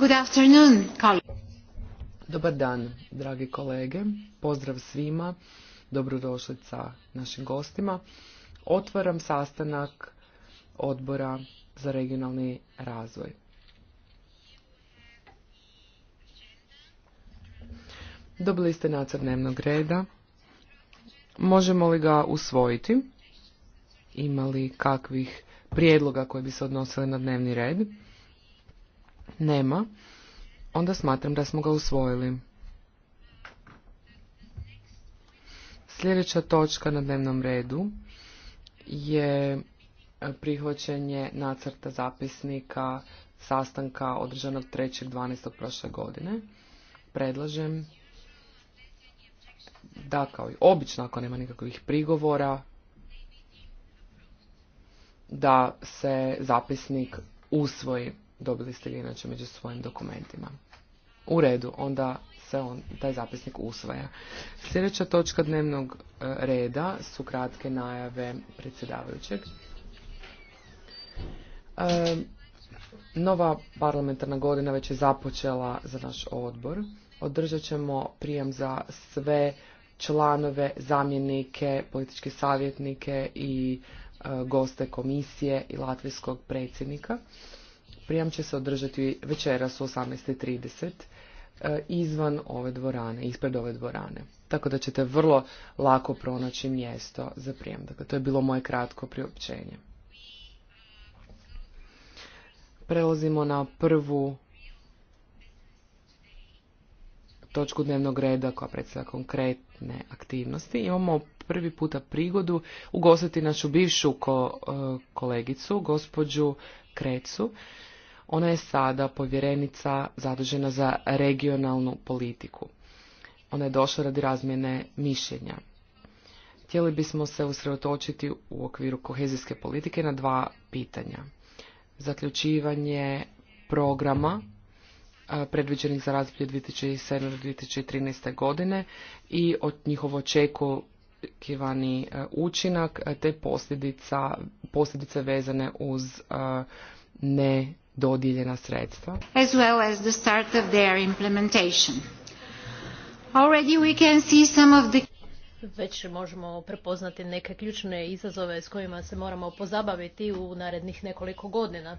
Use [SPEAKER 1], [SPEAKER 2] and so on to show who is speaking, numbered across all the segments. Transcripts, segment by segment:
[SPEAKER 1] Good afternoon, Dobar dan, dragi kolege. Pozdrav svima. Dobrodošlica našim gostima. Otvaram sastanak odbora za regionalni razvoj. Dobili ste nacrt dnevnog reda. Možemo li ga usvojiti? Ima li kakvih prijedloga koji bi se odnosili na dnevni red? Nema. Onda smatram da smo ga usvojili. Sljedeća točka na dnevnom redu je e, prihvaćanje nacrta zapisnika sastanka održanog 3.12. prošle godine. Predlažem da kao i obično ako nema nikakvih prigovora da se zapisnik usvoji. Dobili ste ga inače među svojim dokumentima. U redu, onda se on, taj zapisnik usvaja. Sljedeća točka dnevnog e, reda su kratke najave predsjedavajućeg. E, nova parlamentarna godina već je započela za naš odbor. Održat ćemo prijem za sve članove, zamjenike, političke savjetnike i e, goste komisije i latvijskog predsjednika prijam će se održati večeras u 18.30 eh, izvan ove dvorane, ispred ove dvorane. Tako da ćete vrlo lako pronaći mjesto za prijem. Dakle, to je bilo moje kratko priopćenje. Prelazimo na prvu točku dnevnog reda koja predstavlja konkretne aktivnosti. Imamo prvi puta prigodu ugostiti našu bivšu eh, kolegicu, gospođu Krecu ona je sada povjerenica zadužena za regionalnu politiku. Ona je došla radi razmjene mišljenja. Htjeli bismo se usredotočiti u okviru kohezijske politike na dva pitanja. Zaključivanje programa e, predviđenih za razdoblje 2007. 2013. godine i od njihovo očekivani e, učinak e, te posljedice vezane uz ne dodijeljena sredstva.
[SPEAKER 2] As well as the start of their implementation. Already we can see some of the
[SPEAKER 3] već možemo prepoznati neke ključne izazove s kojima se moramo pozabaviti u narednih nekoliko godina.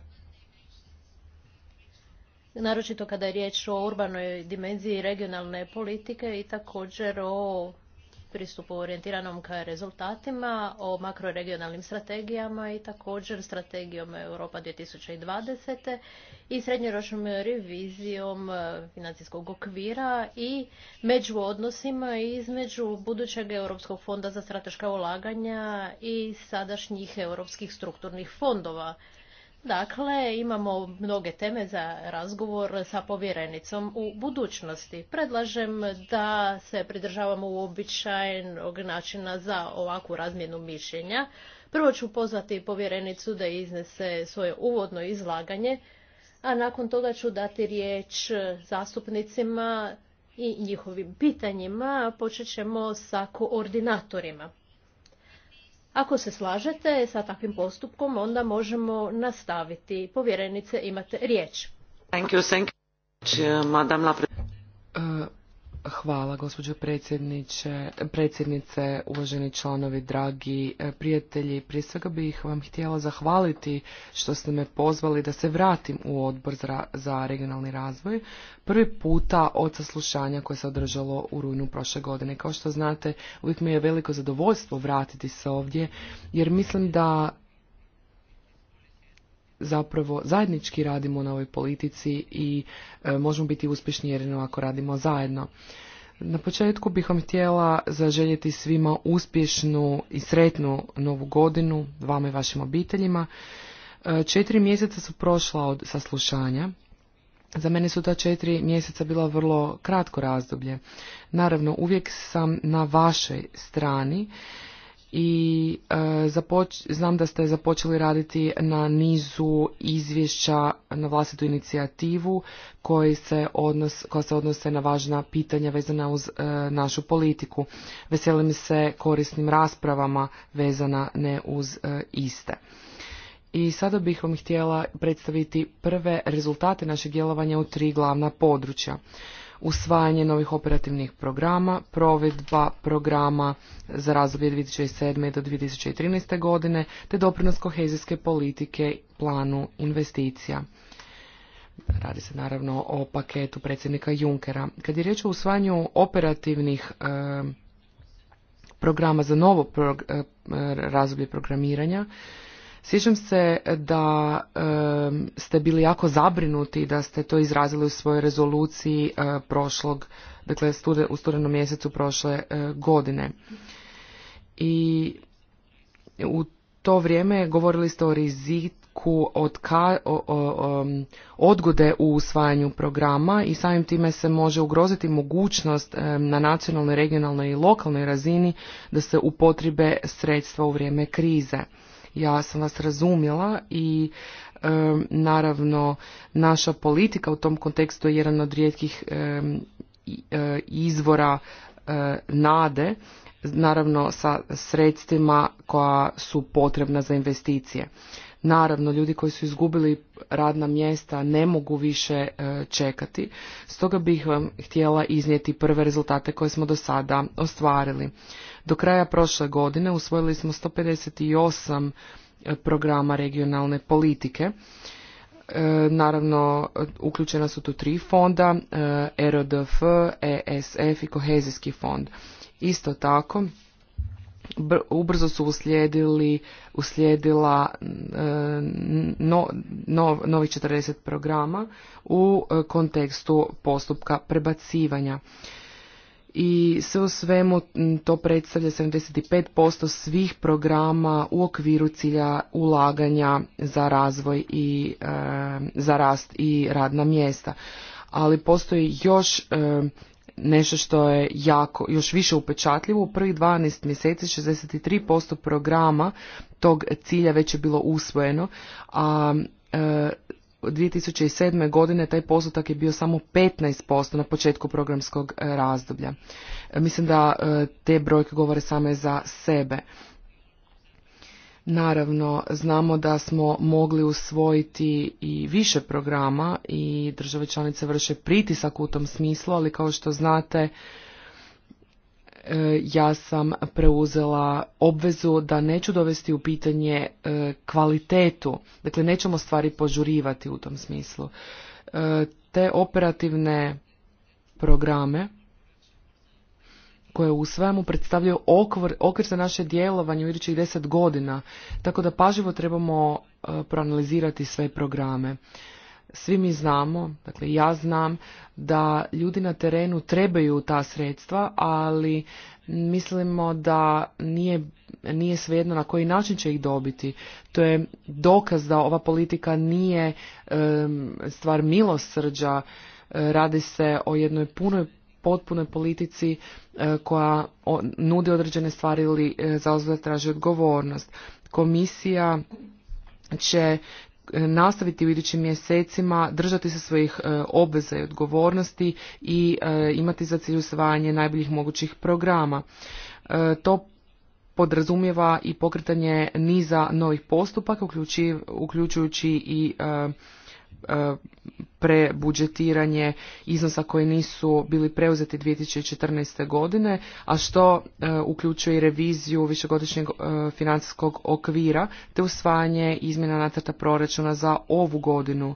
[SPEAKER 3] Naročito kada je riječ o urbanoj dimenziji regionalne politike i također o pristupu orijentiranom ka rezultatima, o makroregionalnim strategijama i također strategijom Europa 2020. i srednjoročnom revizijom e, financijskog okvira i među odnosima između budućeg Europskog fonda za strateška ulaganja i sadašnjih europskih strukturnih fondova. Dakle, imamo mnoge teme za razgovor sa povjerenicom u budućnosti. Predlažem da se pridržavamo uobičajenog načina za ovakvu razmjenu mišljenja. Prvo ću pozvati povjerenicu da iznese svoje uvodno izlaganje, a nakon toga ću dati riječ zastupnicima i njihovim pitanjima. Počet ćemo sa koordinatorima. Ako se slažete sa takvim postupkom, onda možemo nastaviti. Povjerenice, imate riječ.
[SPEAKER 1] E, Hvala, gospođo predsjednice, uvaženi članovi, dragi e, prijatelji. Prije svega bih vam htjela zahvaliti što ste me pozvali da se vratim u odbor za regionalni razvoj. Prvi puta od saslušanja koje se održalo u rujnu prošle godine. Kao što znate, uvijek mi je veliko zadovoljstvo vratiti se ovdje, jer mislim da zapravo zajednički radimo na ovoj politici i e, možemo biti uspješni jedino ako radimo zajedno. Na početku bih vam htjela zaželjeti svima uspješnu i sretnu novu godinu, vama i vašim obiteljima. E, četiri mjeseca su prošla od saslušanja. Za mene su ta četiri mjeseca bila vrlo kratko razdoblje. Naravno, uvijek sam na vašoj strani i e, znam da ste započeli raditi na nizu izvješća na vlastitu inicijativu koji se koja se odnose na važna pitanja vezana uz e, našu politiku. Veselim se korisnim raspravama vezana ne uz e, iste. I sada bih vam htjela predstaviti prve rezultate našeg djelovanja u tri glavna područja usvajanje novih operativnih programa, provedba programa za razdoblje 2007. do 2013. godine, te doprinos kohezijske politike planu investicija. Radi se naravno o paketu predsjednika Junkera. Kad je riječ o usvajanju operativnih e, programa za novo prog, e, e, razdoblje programiranja, Sjećam se da ste bili jako zabrinuti da ste to izrazili u svojoj rezoluciji eh, prošlog, dakle u studenom mjesecu prošle eh, godine. I u to vrijeme govorili ste o riziku od o, odgode u usvajanju programa i samim time se može ugroziti mogućnost na nacionalnoj, regionalnoj i lokalnoj razini da se upotribe sredstva u vrijeme krize ja sam vas razumjela i naravno naša politika u tom kontekstu je jedan od rijetkih e, izvora e, nade, naravno sa sredstvima koja su potrebna za investicije. Naravno, ljudi koji su izgubili radna mjesta ne mogu više e, čekati. Stoga bih vam htjela iznijeti prve rezultate koje smo do sada ostvarili. Do kraja prošle godine usvojili smo 158 e, programa regionalne politike. E, naravno, uključena su tu tri fonda, ERDF, ESF i Kohezijski fond. Isto tako, ubrzo su uslijedili, uslijedila e, no, novih 40 programa u e, kontekstu postupka prebacivanja. I sve u svemu to predstavlja 75% svih programa u okviru cilja ulaganja za razvoj i e, za rast i radna mjesta. Ali postoji još nešto što je jako, još više upečatljivo. U prvih 12 mjeseci 63% programa tog cilja već je bilo usvojeno, a e, 2007. godine taj postotak je bio samo 15% na početku programskog e, razdoblja. E, mislim da e, te brojke govore same za sebe. Naravno, znamo da smo mogli usvojiti i više programa i države članice vrše pritisak u tom smislu, ali kao što znate, e, ja sam preuzela obvezu da neću dovesti u pitanje e, kvalitetu, dakle nećemo stvari požurivati u tom smislu. E, te operativne programe koje svemu predstavljaju okvir, okvir za naše djelovanje u idućih deset godina, tako da paživo trebamo e, proanalizirati sve programe. Svi mi znamo, dakle ja znam da ljudi na terenu trebaju ta sredstva, ali mislimo da nije, nije svejedno na koji način će ih dobiti. To je dokaz da ova politika nije stvar milosrđa, e, radi se o jednoj punoj potpunoj politici e, koja nudi određene stvari ili da e, traži odgovornost. Komisija će e, nastaviti u idućim mjesecima, držati se svojih obveza i odgovornosti i imati za cilj usvajanje najboljih mogućih programa. To podrazumijeva i pokretanje niza novih postupaka, uključujući i E, prebudžetiranje iznosa koji nisu bili preuzeti 2014. godine, a što e, uključuje i reviziju višegodišnjeg e, financijskog okvira te usvajanje izmjena nacrta proračuna za ovu godinu.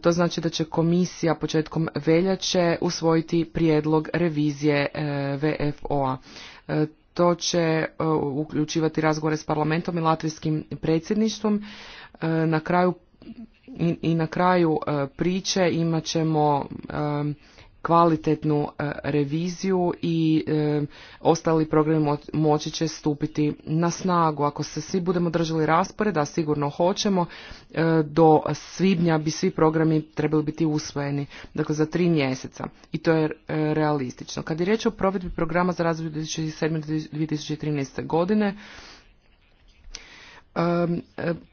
[SPEAKER 1] To znači da će komisija početkom veljače usvojiti prijedlog revizije VFO-a. To će uključivati razgovore s parlamentom i latvijskim predsjedništvom. Na kraju i, na kraju e, priče imat ćemo e, kvalitetnu e, reviziju i ostali programi moći će stupiti na snagu. Ako se svi budemo držali rasporeda, sigurno hoćemo, do svibnja bi svi programi trebali biti usvojeni, dakle za tri mjeseca i to je realistično. Kad je riječ o provedbi programa za razvoj 2007-2013 godine,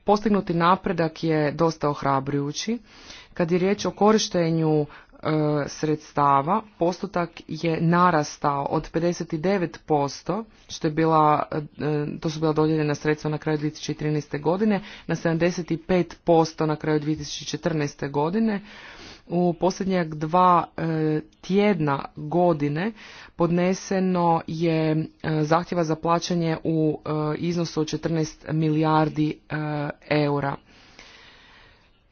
[SPEAKER 1] postignuti napredak je dosta ohrabrujući. Kad je riječ o korištenju E, sredstava postotak je narastao od 59% što je bila e, to su bila dodijeljena sredstva na kraju 2013. godine na 75% na kraju 2014. godine u posljednjeg dva e, tjedna godine podneseno je zahtjeva za plaćanje u iznosu od 14 milijardi eura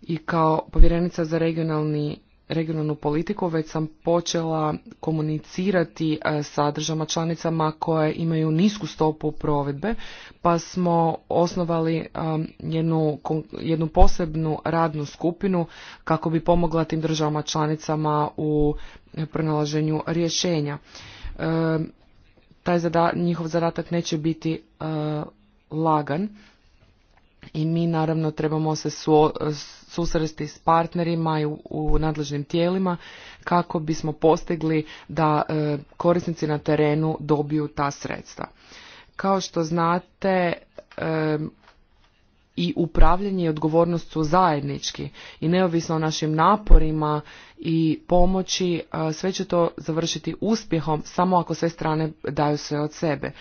[SPEAKER 1] i kao povjerenica za regionalni regionalnu politiku, već sam počela komunicirati e, sa državama članicama koje imaju nisku stopu provedbe, pa smo osnovali jednu, jednu posebnu radnu skupinu kako bi pomogla tim državama članicama u pronalaženju rješenja. E, taj zada, njihov zadatak neće biti e, lagan i mi naravno trebamo se suo, susresti s partnerima i u, nadležnim tijelima kako bismo postigli da e, korisnici na terenu dobiju ta sredstva. Kao što znate, e, i upravljanje i odgovornost su zajednički i neovisno o našim naporima i pomoći e, sve će to završiti uspjehom samo ako sve strane daju sve od sebe.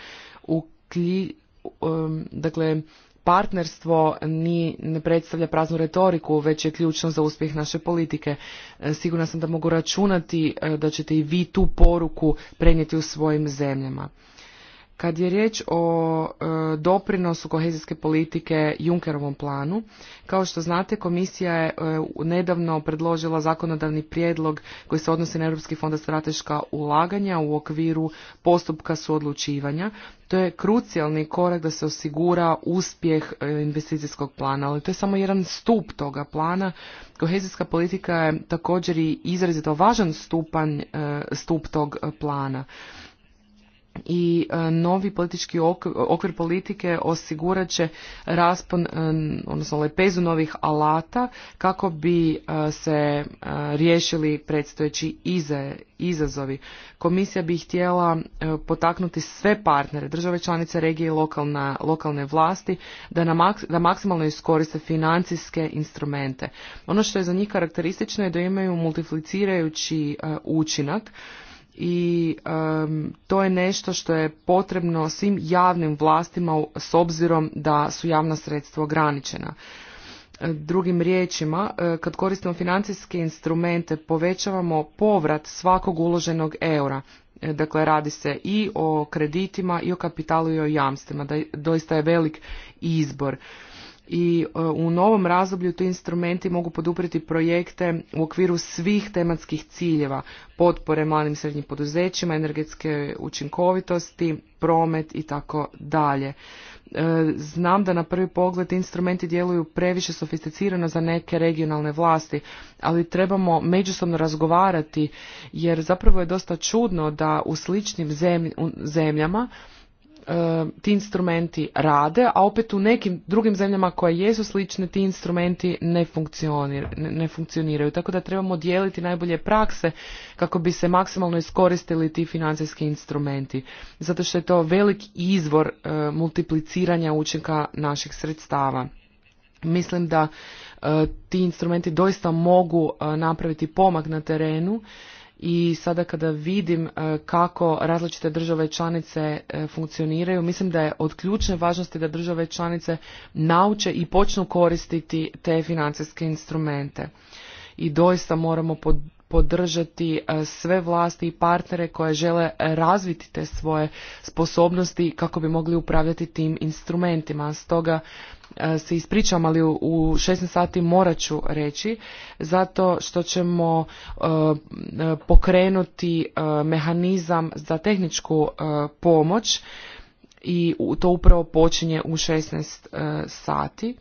[SPEAKER 1] dakle, partnerstvo ni, ne predstavlja praznu retoriku, već je ključno za uspjeh naše politike. E, sigurna sam da mogu računati e, da ćete i vi tu poruku prenijeti u svojim zemljama. Kad je riječ o e, doprinosu kohezijske politike Junkerovom planu, kao što znate, komisija je e, nedavno predložila zakonodavni prijedlog koji se odnosi na Europski fond za strateška ulaganja u okviru postupka suodlučivanja. To je krucijalni korak da se osigura uspjeh e, investicijskog plana, ali to je samo jedan stup toga plana. Kohezijska politika je također i izrazito važan stupanj, stup tog plana i e, novi politički okvir, politike osigurat će raspon, e, odnosno lepezu novih alata kako bi e, se riješili predstojeći izazovi. Komisija bi htjela potaknuti sve partnere, države članice regije i lokalna, lokalne vlasti da, na da maksimalno iskoriste financijske instrumente. Ono što je za njih karakteristično je da imaju multiplicirajući učinak i to je nešto što je potrebno svim javnim vlastima s obzirom da su javna sredstva ograničena e, drugim riječima e, kad koristimo financijske instrumente povećavamo povrat svakog uloženog eura e, dakle radi se i o kreditima i o kapitalu i o jamstvima doista je velik izbor i e, u novom razdoblju ti instrumenti mogu poduprijeti projekte u okviru svih tematskih ciljeva potpore malim i srednjim poduzećima, energetske učinkovitosti, promet i tako dalje. E, znam da na prvi pogled instrumenti djeluju previše sofisticirano za neke regionalne vlasti, ali trebamo međusobno razgovarati jer zapravo je dosta čudno da u sličnim zemljama E, ti instrumenti rade, a opet u nekim drugim zemljama koje jesu slične ti instrumenti ne, funkcionir, ne funkcioniraju. Tako da trebamo dijeliti najbolje prakse kako bi se maksimalno iskoristili ti financijski instrumenti. Zato što je to velik izvor e, multipliciranja učinka naših sredstava. Mislim da e, ti instrumenti doista mogu napraviti pomak na terenu i sada kada vidim e, kako različite države članice e, funkcioniraju, mislim da je od ključne važnosti da države članice nauče i počnu koristiti te financijske instrumente. I doista moramo pod, podržati e, sve vlasti i partnere koje žele razviti te svoje sposobnosti kako bi mogli upravljati tim instrumentima. Stoga e, se ispričam, ali u 16 sati morat ću reći, zato što ćemo e, pokrenuti mehanizam za tehničku pomoć i to upravo počinje u 16 sati.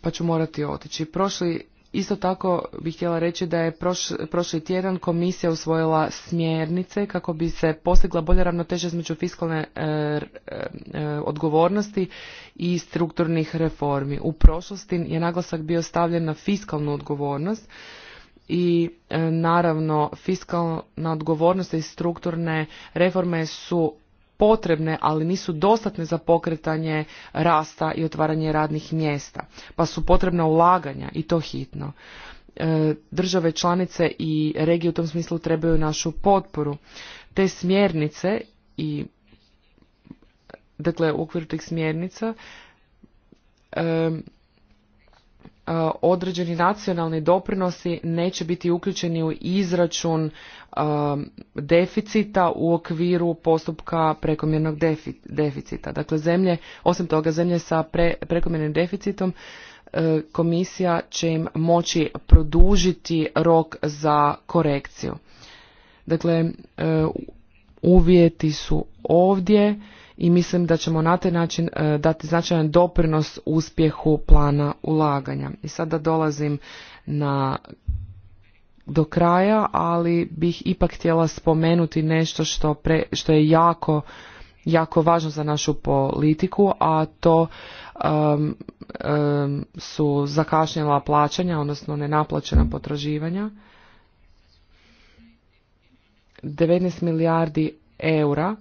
[SPEAKER 1] Pa ću morati otići. Prošli Isto tako bih htjela reći da je prošli tjedan komisija usvojila smjernice kako bi se postigla bolja ravnoteža između fiskalne e, e, e, odgovornosti i strukturnih reformi. U prošlosti je naglasak bio stavljen na fiskalnu odgovornost i naravno fiskalna odgovornost i strukturne reforme su potrebne, ali nisu dostatne za pokretanje rasta i otvaranje radnih mjesta, pa su potrebna ulaganja i to hitno. E, države članice i regije u tom smislu trebaju našu potporu. Te smjernice i dakle u okviru tih smjernica e, Eh, određeni nacionalni doprinosi neće biti uključeni u izračun eh, deficita u okviru postupka prekomjernog deficita. Dakle, zemlje, osim toga zemlje sa prekomjernim deficitom, eh, komisija će im moći produžiti rok za korekciju. Dakle, uvjeti su ovdje i mislim da ćemo na taj način e, dati značajan doprinos uspjehu plana ulaganja. I sada dolazim na do kraja, ali bih ipak htjela spomenuti nešto što, što je jako, jako važno za našu politiku, a to su zakašnjela plaćanja, odnosno nenaplaćena potraživanja. 19 milijardi eura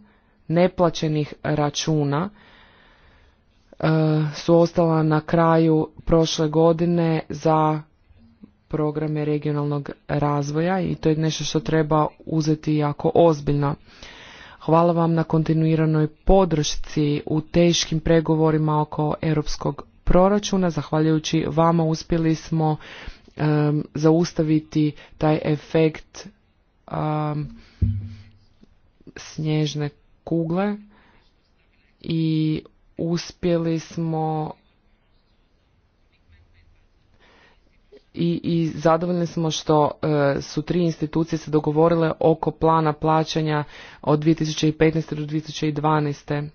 [SPEAKER 1] neplaćenih računa e, su ostala na kraju prošle godine za programe regionalnog razvoja i to je nešto što treba uzeti jako ozbiljno. Hvala vam na kontinuiranoj podršci u teškim pregovorima oko europskog proračuna. Zahvaljujući vama uspjeli smo e, zaustaviti taj efekt um, snježne kugle i uspjeli smo i, i zadovoljni smo što e, su tri institucije se dogovorile oko plana plaćanja od 2015. do 2012.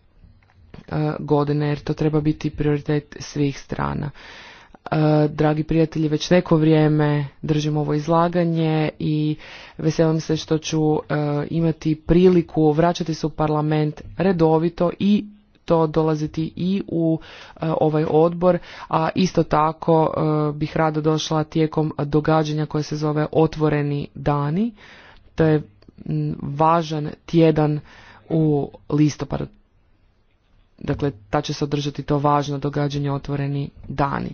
[SPEAKER 1] E, godine jer to treba biti prioritet svih strana. E, dragi prijatelji, već neko vrijeme držim ovo izlaganje i veselim se što ću e, imati priliku vraćati se u parlament redovito i to dolaziti i u e, ovaj odbor, a isto tako bih rado došla tijekom događanja koje se zove Otvoreni dani. To je važan tjedan u listopadu. Dakle, ta će se održati to važno događanje Otvoreni dani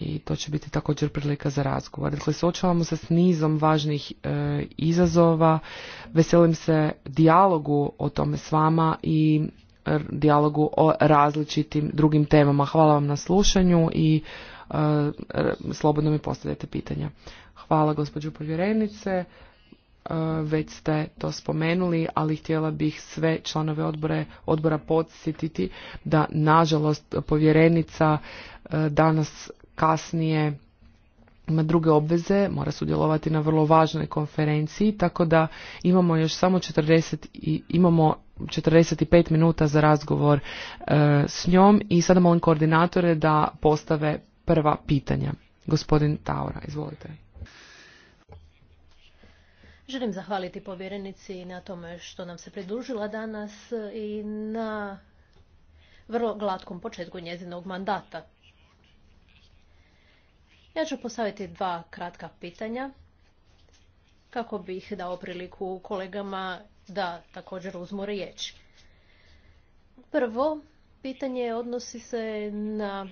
[SPEAKER 1] i to će biti također prilika za razgovor. Dakle, suočavamo se s nizom važnih e, izazova, veselim se dijalogu o tome s vama i e, dijalogu o različitim drugim temama. Hvala vam na slušanju i e, slobodno mi postavljate pitanja. Hvala gospođo povjerenice, već ste to spomenuli, ali htjela bih sve članove odbore, odbora podsjetiti da nažalost povjerenica danas kasnije ima druge obveze, mora sudjelovati na vrlo važnoj konferenciji, tako da imamo još samo 40 i, imamo 45 minuta za razgovor e, s njom i sada molim koordinatore da postave prva pitanja. Gospodin Taura, izvolite.
[SPEAKER 3] Želim zahvaliti povjerenici na tome što nam se pridružila danas i na vrlo glatkom početku njezinog mandata. Ja ću postaviti dva kratka pitanja kako bih dao priliku kolegama da također uzmu riječ. Prvo, pitanje odnosi se na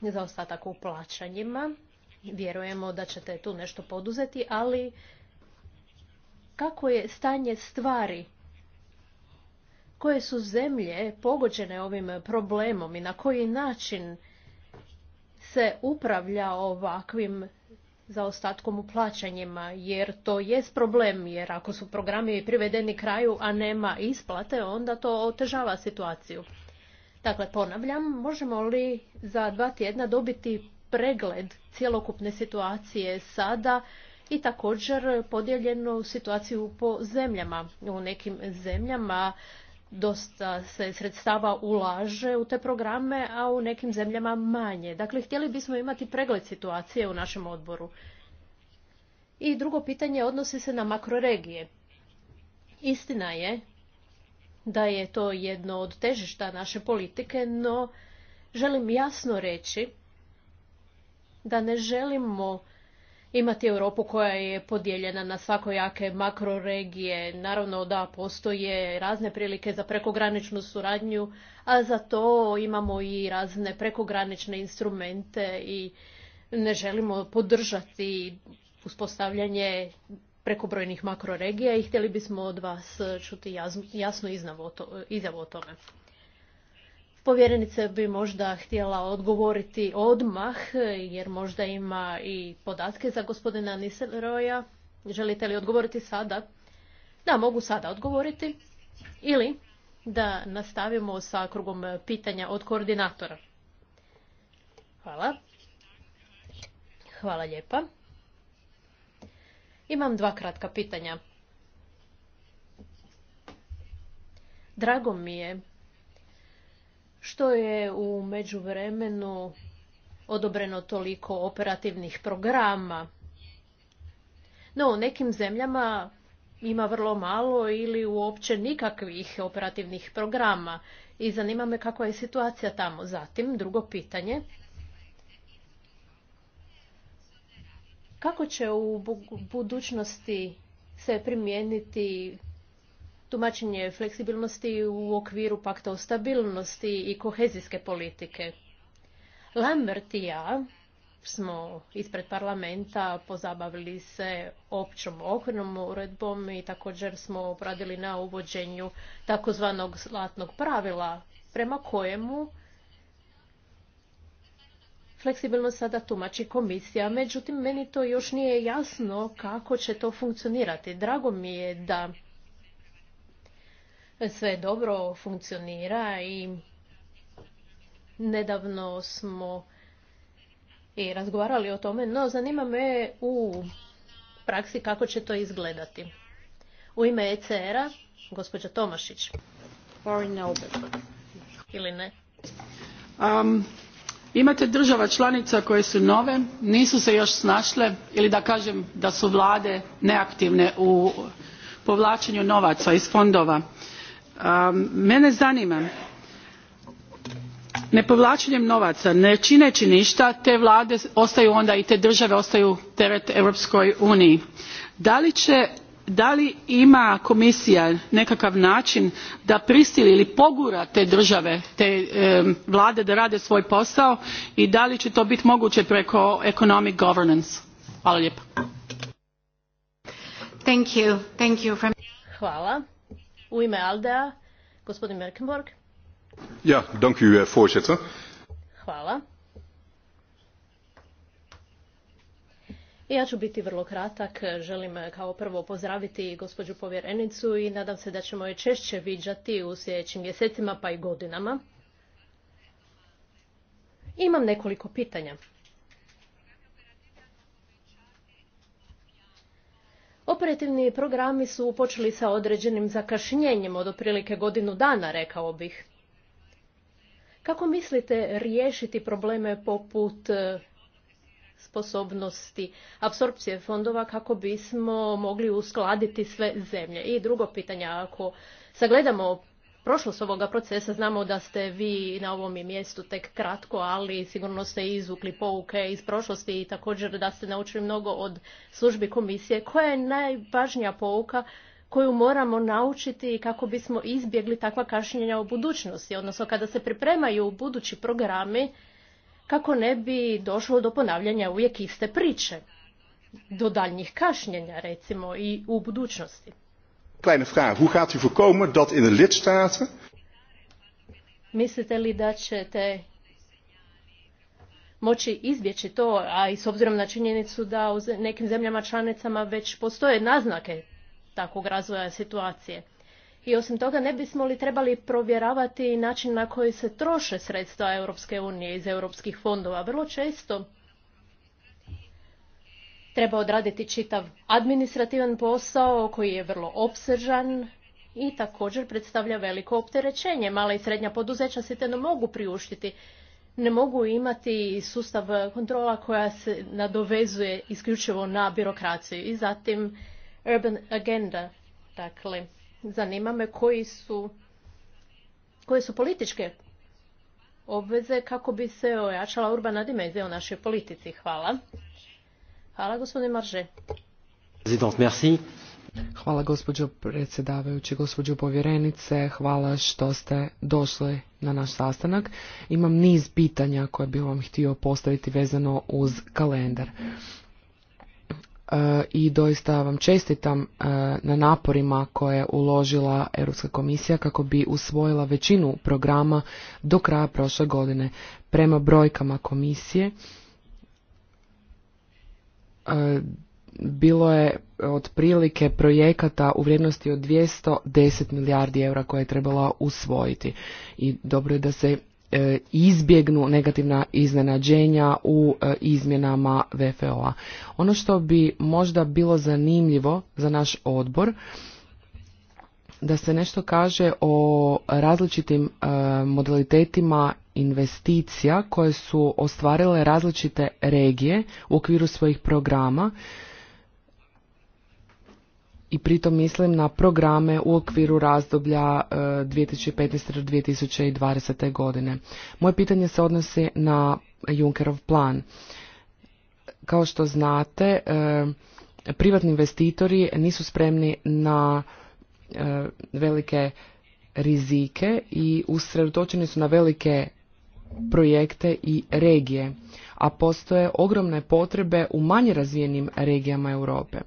[SPEAKER 3] zaostatak u plaćanjima. Vjerujemo da ćete tu nešto poduzeti, ali kako je stanje stvari? Koje su zemlje pogođene ovim problemom i na koji način se upravlja ovakvim zaostatkom u plaćanjima, jer to jest problem, jer ako su programi privedeni kraju, a nema isplate, onda to otežava situaciju. Dakle, ponavljam, možemo li za dva tjedna dobiti pregled cjelokupne situacije sada i također podijeljenu situaciju po zemljama. U nekim zemljama dosta se sredstava ulaže u te programe, a u nekim zemljama manje. Dakle, htjeli bismo imati pregled situacije u našem odboru. I drugo pitanje odnosi se na makroregije. Istina je da je to jedno od težišta naše politike, no želim jasno reći da ne želimo imati Europu koja je podijeljena na svakojake makroregije. Naravno da postoje razne prilike za prekograničnu suradnju, a za to imamo i razne prekogranične instrumente i ne želimo podržati uspostavljanje prekobrojnih makroregija i htjeli bismo od vas čuti jasnu izjavu o tome. Povjerenica bi možda htjela odgovoriti odmah, jer možda ima i podatke za gospodina Niselroja. Želite li odgovoriti sada? Da, mogu sada odgovoriti. Ili da nastavimo sa krugom pitanja od koordinatora. Hvala. Hvala lijepa. Imam dva kratka pitanja. Drago mi je što je u međuvremenu odobreno toliko operativnih programa. No, u nekim zemljama ima vrlo malo ili uopće nikakvih operativnih programa i zanima me kakva je situacija tamo. Zatim, drugo pitanje. Kako će u budućnosti se primijeniti tumačenje fleksibilnosti u okviru pakta o stabilnosti i kohezijske politike. Lambert i ja smo ispred parlamenta pozabavili se općom okvirnom uredbom i također smo radili na uvođenju takozvanog zlatnog pravila prema kojemu fleksibilnost sada tumači komisija. Međutim, meni to još nije jasno kako će to funkcionirati. Drago mi je da sve dobro funkcionira i nedavno smo i razgovarali o tome, no zanima me u praksi kako će to izgledati. U ime ECR-a, gospođa Tomašić. Ili ne?
[SPEAKER 1] Um, imate država članica koje su nove, nisu
[SPEAKER 2] se još snašle ili da kažem da su vlade neaktivne u
[SPEAKER 1] povlačenju novaca iz fondova mene zanima ne povlačenjem novaca ne čineći ništa te vlade ostaju onda i te države ostaju teret europskoj uniji. da li
[SPEAKER 2] ima komisija nekakav način da prisili ili pogura te države te vlade da rade svoj posao i da li će to biti moguće preko economic governance? hvala lijepa.
[SPEAKER 3] Hvala. U ime Aldea, gospodin Merkenborg. Ja,
[SPEAKER 1] eh,
[SPEAKER 3] Hvala. Ja ću biti vrlo kratak. Želim eh, kao prvo pozdraviti gospođu povjerenicu i nadam se da ćemo je češće viđati u sljedećim mjesecima pa i godinama. Imam nekoliko pitanja. Operativni programi su počeli sa određenim zakašnjenjem od otprilike godinu dana, rekao bih. Kako mislite riješiti probleme poput e, sposobnosti apsorpcije fondova kako bismo mogli uskladiti sve zemlje? I drugo pitanje, ako sagledamo prošlost ovoga procesa. Znamo da ste vi na ovom mjestu tek kratko, ali sigurno ste izvukli pouke iz prošlosti i također da ste naučili mnogo od službi komisije. Koja je najvažnija pouka koju moramo naučiti kako bismo izbjegli takva kašnjenja u budućnosti, odnosno kada se pripremaju budući programi kako ne bi došlo do ponavljanja uvijek iste priče, do daljnjih kašnjenja recimo i u budućnosti.
[SPEAKER 2] Kleine vraag, hoe gaat u voorkomen dat in de lidstaten...
[SPEAKER 3] Mislite li da ćete moći izbjeći to, a i s obzirom na činjenicu da u nekim zemljama članicama već postoje naznake takvog razvoja situacije? I osim toga, ne bismo li trebali provjeravati način na koji se troše sredstva Europske unije iz europskih fondova? Vrlo često treba odraditi čitav administrativan posao koji je vrlo opsežan i također predstavlja veliko opterećenje. Mala i srednja poduzeća se te ne mogu priuštiti, ne mogu imati sustav kontrola koja se nadovezuje isključivo na birokraciju. I zatim Urban Agenda. Dakle, zanima me koji su, koje su političke obveze kako bi se ojačala urbana dimenzija u našoj politici. Hvala. Hvala gospodine Marže.
[SPEAKER 1] merci. Hvala gospođo predsjedavajući, gospođo povjerenice, hvala što ste došli na naš sastanak. Imam niz pitanja koje bih vam htio postaviti vezano uz kalendar. E, I doista vam čestitam e, na naporima koje je uložila Europska komisija kako bi usvojila većinu programa do kraja prošle godine. Prema brojkama komisije, E, bilo je otprilike projekata u vrijednosti od 210 milijardi eura koje je trebala usvojiti. I dobro je da se e, izbjegnu negativna iznenađenja u e, izmjenama VFO-a. Ono što bi možda bilo zanimljivo za naš odbor da se nešto kaže o različitim e, modalitetima investicija koje su ostvarile različite regije u okviru svojih programa i pritom mislim na programe u okviru razdoblja 2015. E, do 2020. godine. Moje pitanje se odnosi na Junkerov plan. Kao što znate, e, privatni investitori nisu spremni na E, velike rizike i usredotočeni su na velike projekte i regije, a postoje ogromne potrebe u manje razvijenim regijama Europe.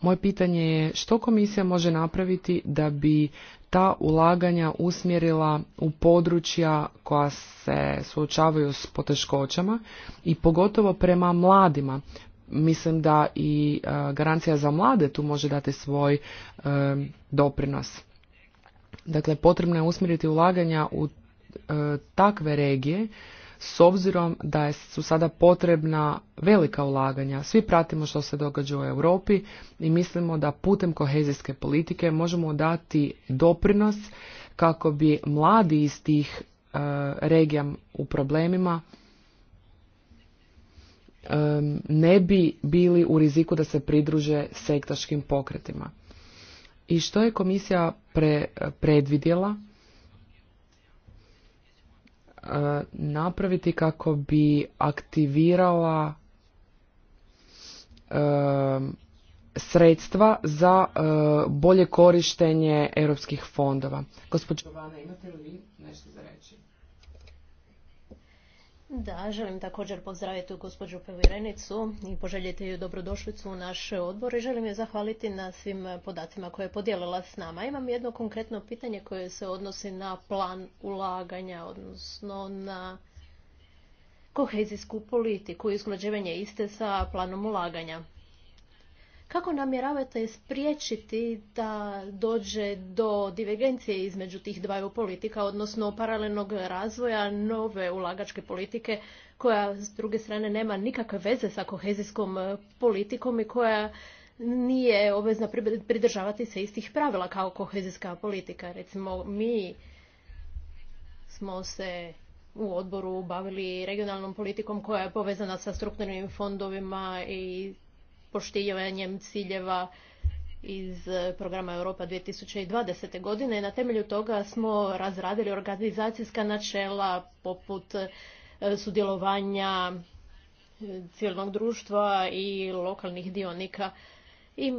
[SPEAKER 1] Moje pitanje je što komisija može napraviti da bi ta ulaganja usmjerila u područja koja se suočavaju s poteškoćama i pogotovo prema mladima mislim da i e, garancija za mlade tu može dati svoj e, doprinos. Dakle, potrebno je usmjeriti ulaganja u e, takve regije s obzirom da su sada potrebna velika ulaganja. Svi pratimo što se događa u Europi i mislimo da putem kohezijske politike možemo dati doprinos kako bi mladi iz tih regija u problemima ne bi bili u riziku da se pridruže sektaškim pokretima. I što je komisija predvidjela napraviti kako bi aktivirala sredstva za bolje korištenje europskih fondova. Gospođo Jovana, imate li nešto za reći?
[SPEAKER 3] Da, želim također pozdraviti gospođu povjerenicu i poželjeti ju dobrodošlicu u naš odbor i želim je zahvaliti na svim podacima koje je podijelila s nama. Imam jedno konkretno pitanje koje se odnosi na plan ulaganja, odnosno na kohezijsku politiku i usklađivanje iste sa planom ulaganja. Kako namjeravate spriječiti da dođe do divergencije između tih dvaju politika, odnosno paralelnog razvoja nove ulagačke politike koja s druge strane nema nikakve veze sa kohezijskom e, politikom i koja nije obvezna pridržavati se istih pravila kao kohezijska politika. Recimo mi smo se u odboru bavili regionalnom politikom koja je povezana sa strukturnim fondovima i poštivanjem ciljeva iz programa Europa 2020. godine. Na temelju toga smo razradili organizacijska načela poput e, sudjelovanja e, civilnog društva i lokalnih dionika. I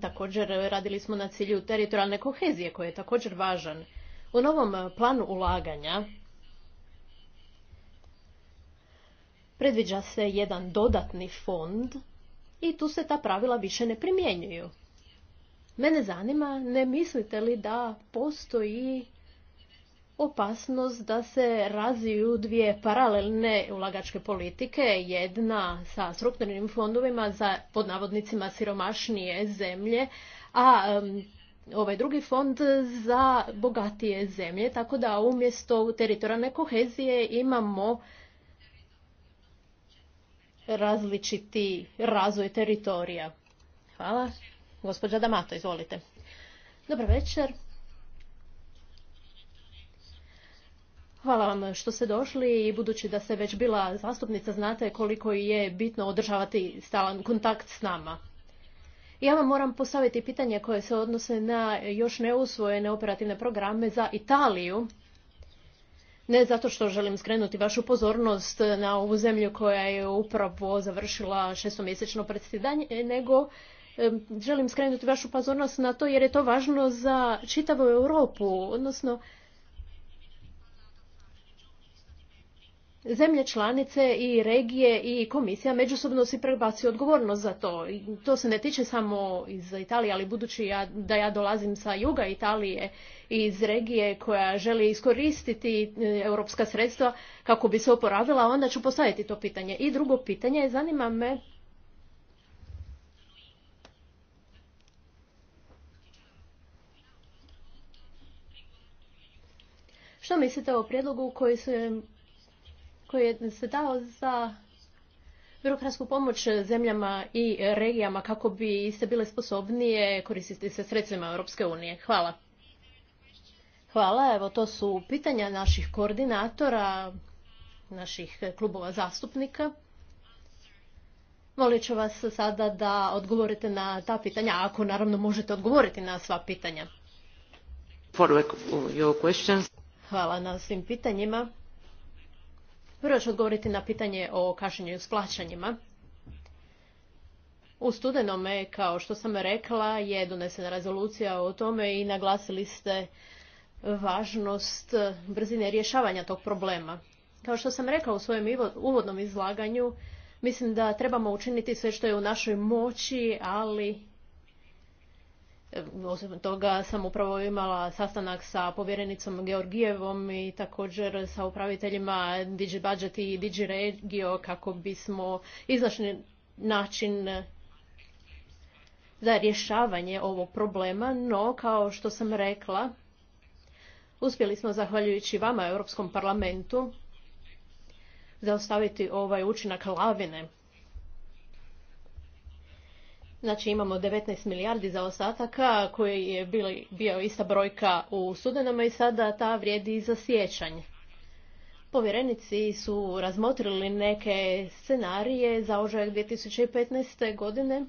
[SPEAKER 3] također radili smo na cilju teritorijalne kohezije koji je također važan. U novom planu ulaganja predviđa se jedan dodatni fond i tu se ta pravila više ne primjenjuju. Mene zanima, ne mislite li da postoji opasnost da se razviju dvije paralelne ulagačke politike, jedna sa strukturnim fondovima za pod navodnicima siromašnije zemlje, a ovaj drugi fond za bogatije zemlje, tako da umjesto teritorijalne kohezije imamo različiti razvoj teritorija. Hvala. Gospođa Damato, izvolite. Dobar večer. Hvala vam što ste došli i budući da ste već bila zastupnica, znate koliko je bitno održavati stalan kontakt s nama. Ja vam moram postaviti pitanje koje se odnose na još neusvojene operativne programe za Italiju ne zato što želim skrenuti vašu pozornost na ovu zemlju koja je upravo završila šestomjesečno predsjedanje, nego želim skrenuti vašu pozornost na to jer je to važno za čitavu Europu, odnosno zemlje članice i regije i komisija međusobno si prebacuju odgovornost za to. I to se ne tiče samo iz Italije, ali budući da ja dolazim sa juga Italije iz regije koja želi iskoristiti e, europska sredstva kako bi se oporavila, onda ću postaviti to pitanje. I drugo pitanje, zanima me Što mislite o prijedlogu koji se koji se dao za birokratsku pomoć zemljama i regijama kako bi se bile sposobnije koristiti se sredstvima Europske unije. Hvala. Hvala. Evo, to su pitanja naših koordinatora, naših klubova zastupnika. Molit ću vas sada da odgovorite na ta pitanja, ako naravno možete odgovoriti na sva pitanja. Hvala na svim pitanjima. Prvo ću odgovoriti na pitanje o kašenju s plaćanjima. U studenome, kao što sam rekla, je donesena rezolucija o tome i naglasili ste važnost brzine rješavanja tog problema. Kao što sam rekla u svojem uvodnom izlaganju, mislim da trebamo učiniti sve što je u našoj moći, ali osim toga sam upravo imala sastanak sa povjerenicom Georgijevom i također sa upraviteljima Budget i Regio kako bismo iznašli način za rješavanje ovog problema, no kao što sam rekla, uspjeli smo zahvaljujući vama, Europskom parlamentu, zaustaviti ovaj učinak lavine Znači imamo 19 milijardi zaostataka koji je bili, bio ista brojka u studenama i sada ta vrijedi za sjećanj. Povjerenici su razmotrili neke scenarije za ožujak 2015. godine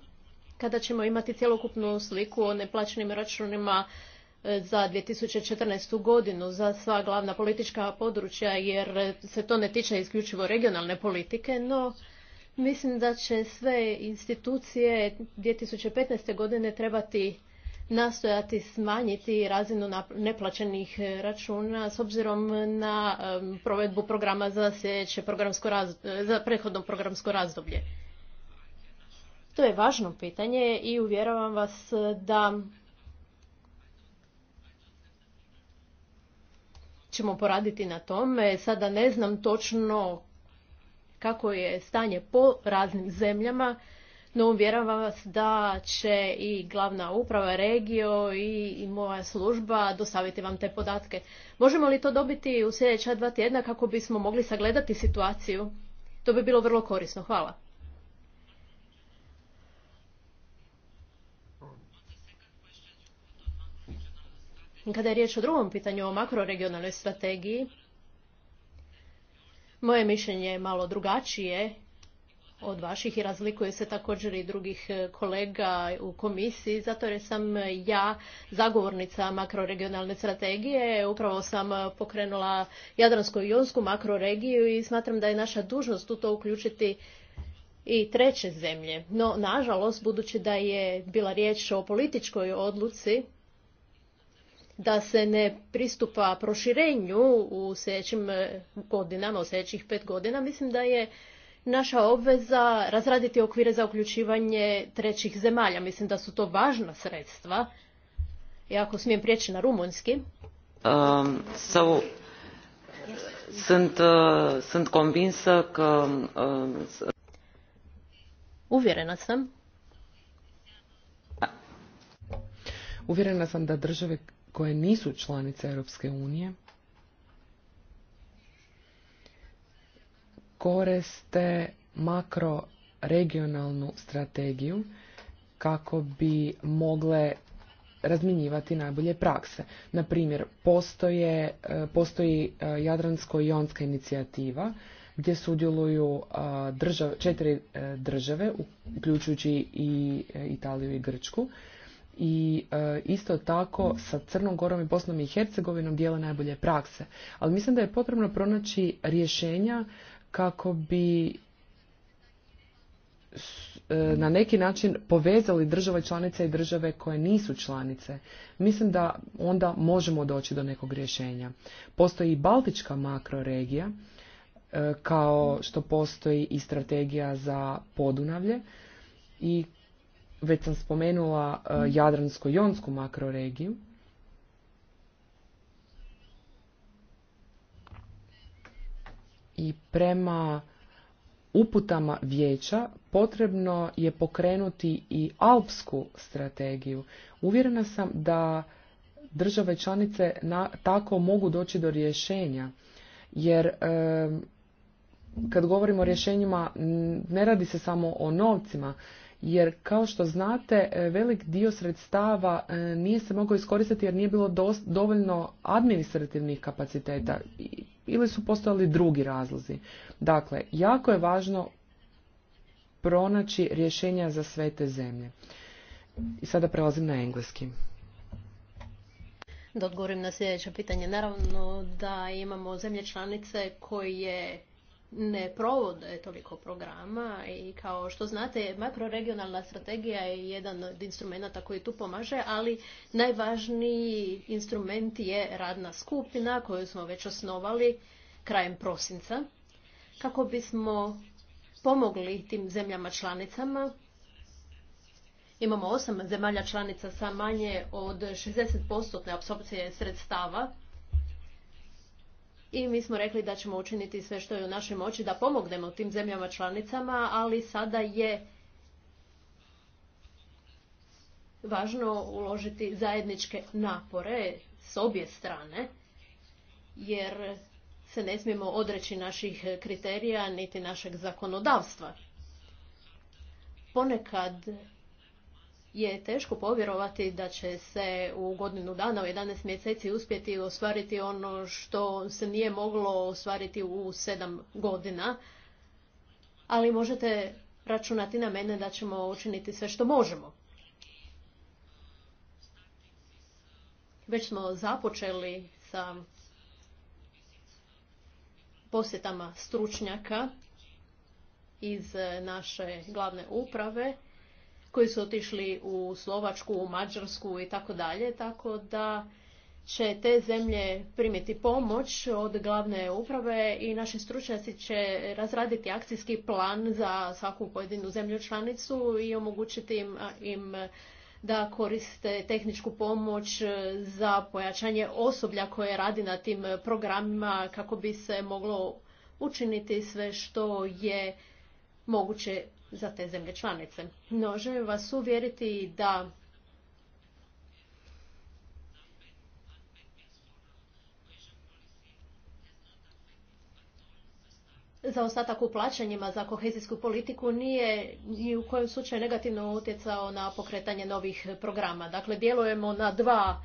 [SPEAKER 3] kada ćemo imati cjelokupnu sliku o neplaćenim računima e, za 2014. godinu za sva glavna politička područja jer se to ne tiče isključivo regionalne politike, no Mislim da će sve institucije 2015. godine trebati nastojati smanjiti razinu neplaćenih e, računa s obzirom na provedbu programa za sljedeće programsko e, za prethodno programsko razdoblje. To je važno pitanje i uvjeravam vas da ćemo poraditi na tome. Sada ne znam točno kako je stanje po raznim zemljama, no uvjeravam vas da će i glavna uprava regio i moja služba dostaviti vam te podatke. Možemo li to dobiti u sljedeća dva tjedna kako bismo mogli sagledati situaciju? To bi bilo vrlo korisno. Hvala. Kada je riječ o drugom pitanju o makroregionalnoj strategiji, moje mišljenje je malo drugačije od vaših i razlikuje se također i drugih e, kolega u komisiji, zato jer sam ja zagovornica makroregionalne strategije. Upravo sam pokrenula Jadransku i Jonsku makroregiju i smatram da je naša dužnost u to uključiti i treće zemlje. No, nažalost, budući da je bila riječ o političkoj odluci, da se ne pristupa proširenju u sljedećim e, godinama, u sljedećih pet godina, mislim da je naša obveza razraditi okvire za uključivanje trećih zemalja. Mislim da su to važna sredstva. I ako smijem prijeći na rumunski.
[SPEAKER 1] Um, uh, um,
[SPEAKER 3] Uvjerena sam
[SPEAKER 1] Uvjerena sam da države koje nisu članice Europske unije koriste makroregionalnu strategiju kako bi mogle razminjivati najbolje prakse. Na primjer, e, postoji e, Jadransko-jonska inicijativa gdje sudjeluju udjeluju e, četiri države, uključujući i Italiju i Grčku, i e, isto tako sa Crnom Gorom i Bosnom i Hercegovinom dijele najbolje prakse. Ali mislim da je potrebno pronaći rješenja kako bi e, na neki način povezali države članice i države koje nisu članice. Mislim da onda možemo doći do nekog rješenja. Postoji i Baltička makroregija, e, kao što postoji i strategija za Podunavlje i već sam spomenula e, Jadransko-Jonsku makroregiju. I prema uputama vijeća potrebno je pokrenuti i alpsku strategiju. Uvjerena sam da države članice na, tako mogu doći do rješenja. Jer e, kad govorimo o rješenjima, ne radi se samo o novcima, jer kao što znate e, velik dio sredstava e, nije se mogao iskoristiti jer nije bilo dovoljno administrativnih kapaciteta ili su postojali drugi razlozi. Dakle, jako je važno pronaći rješenja za sve te zemlje. I sada prelazim na engleski.
[SPEAKER 3] Da odgovorim na sljedeće pitanje. Naravno da imamo zemlje članice koje ne provode toliko programa i kao što znate makroregionalna strategija je jedan od instrumenta koji tu pomaže, ali najvažniji instrument je radna skupina koju smo već osnovali krajem prosinca kako bismo pomogli tim zemljama članicama. Imamo osam zemalja članica sa manje od 60% apsorpcije sredstava i mi smo rekli da ćemo učiniti sve što je u našoj moći da pomognemo tim zemljama članicama, ali sada je važno uložiti zajedničke napore s obje strane, jer se ne smijemo odreći naših kriterija niti našeg zakonodavstva. Ponekad je teško povjerovati da će se u godinu dana, u 11 mjeseci uspjeti ostvariti ono što se nije moglo ostvariti u 7 godina. Ali možete računati na mene da ćemo učiniti sve što možemo. Već smo započeli sa posjetama stručnjaka iz naše glavne uprave koji su otišli u Slovačku, u Mađarsku i tako dalje, tako da će te zemlje primiti pomoć od glavne uprave i naši stručnjaci će razraditi akcijski plan za svaku pojedinu zemlju članicu i omogućiti im, im da koriste tehničku pomoć za pojačanje osoblja koje radi na tim programima kako bi se moglo učiniti sve što je moguće za te zemlje članice. No, želim vas uvjeriti da ostatak u plaćanjima za kohezijsku politiku nije ni u kojem slučaju negativno utjecao na pokretanje novih programa. Dakle, djelujemo na dva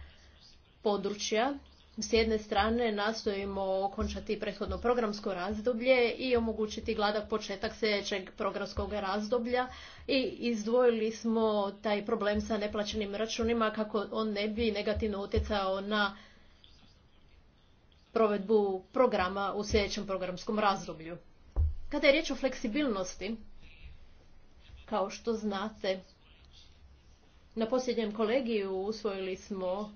[SPEAKER 3] područja s jedne strane nastojimo okončati prethodno programsko razdoblje i omogućiti gladak početak sljedećeg programskog razdoblja i izdvojili smo taj problem sa neplaćenim računima kako on ne bi negativno utjecao na provedbu programa u sljedećem programskom razdoblju. Kada je riječ o fleksibilnosti, kao što znate, na posljednjem kolegiju usvojili smo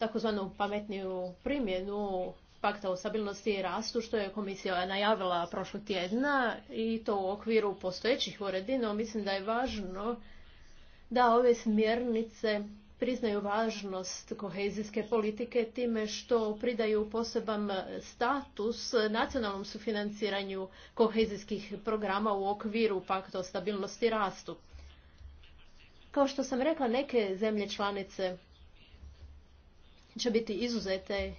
[SPEAKER 3] takozvanu pametniju primjenu pakta o stabilnosti i rastu, što je komisija najavila prošlog tjedna i to u okviru postojećih uredi, no mislim da je važno da ove smjernice priznaju važnost kohezijske politike time što pridaju poseban status nacionalnom sufinanciranju kohezijskih programa u okviru pakta o stabilnosti i rastu. Kao što sam rekla, neke zemlje članice će biti izuzete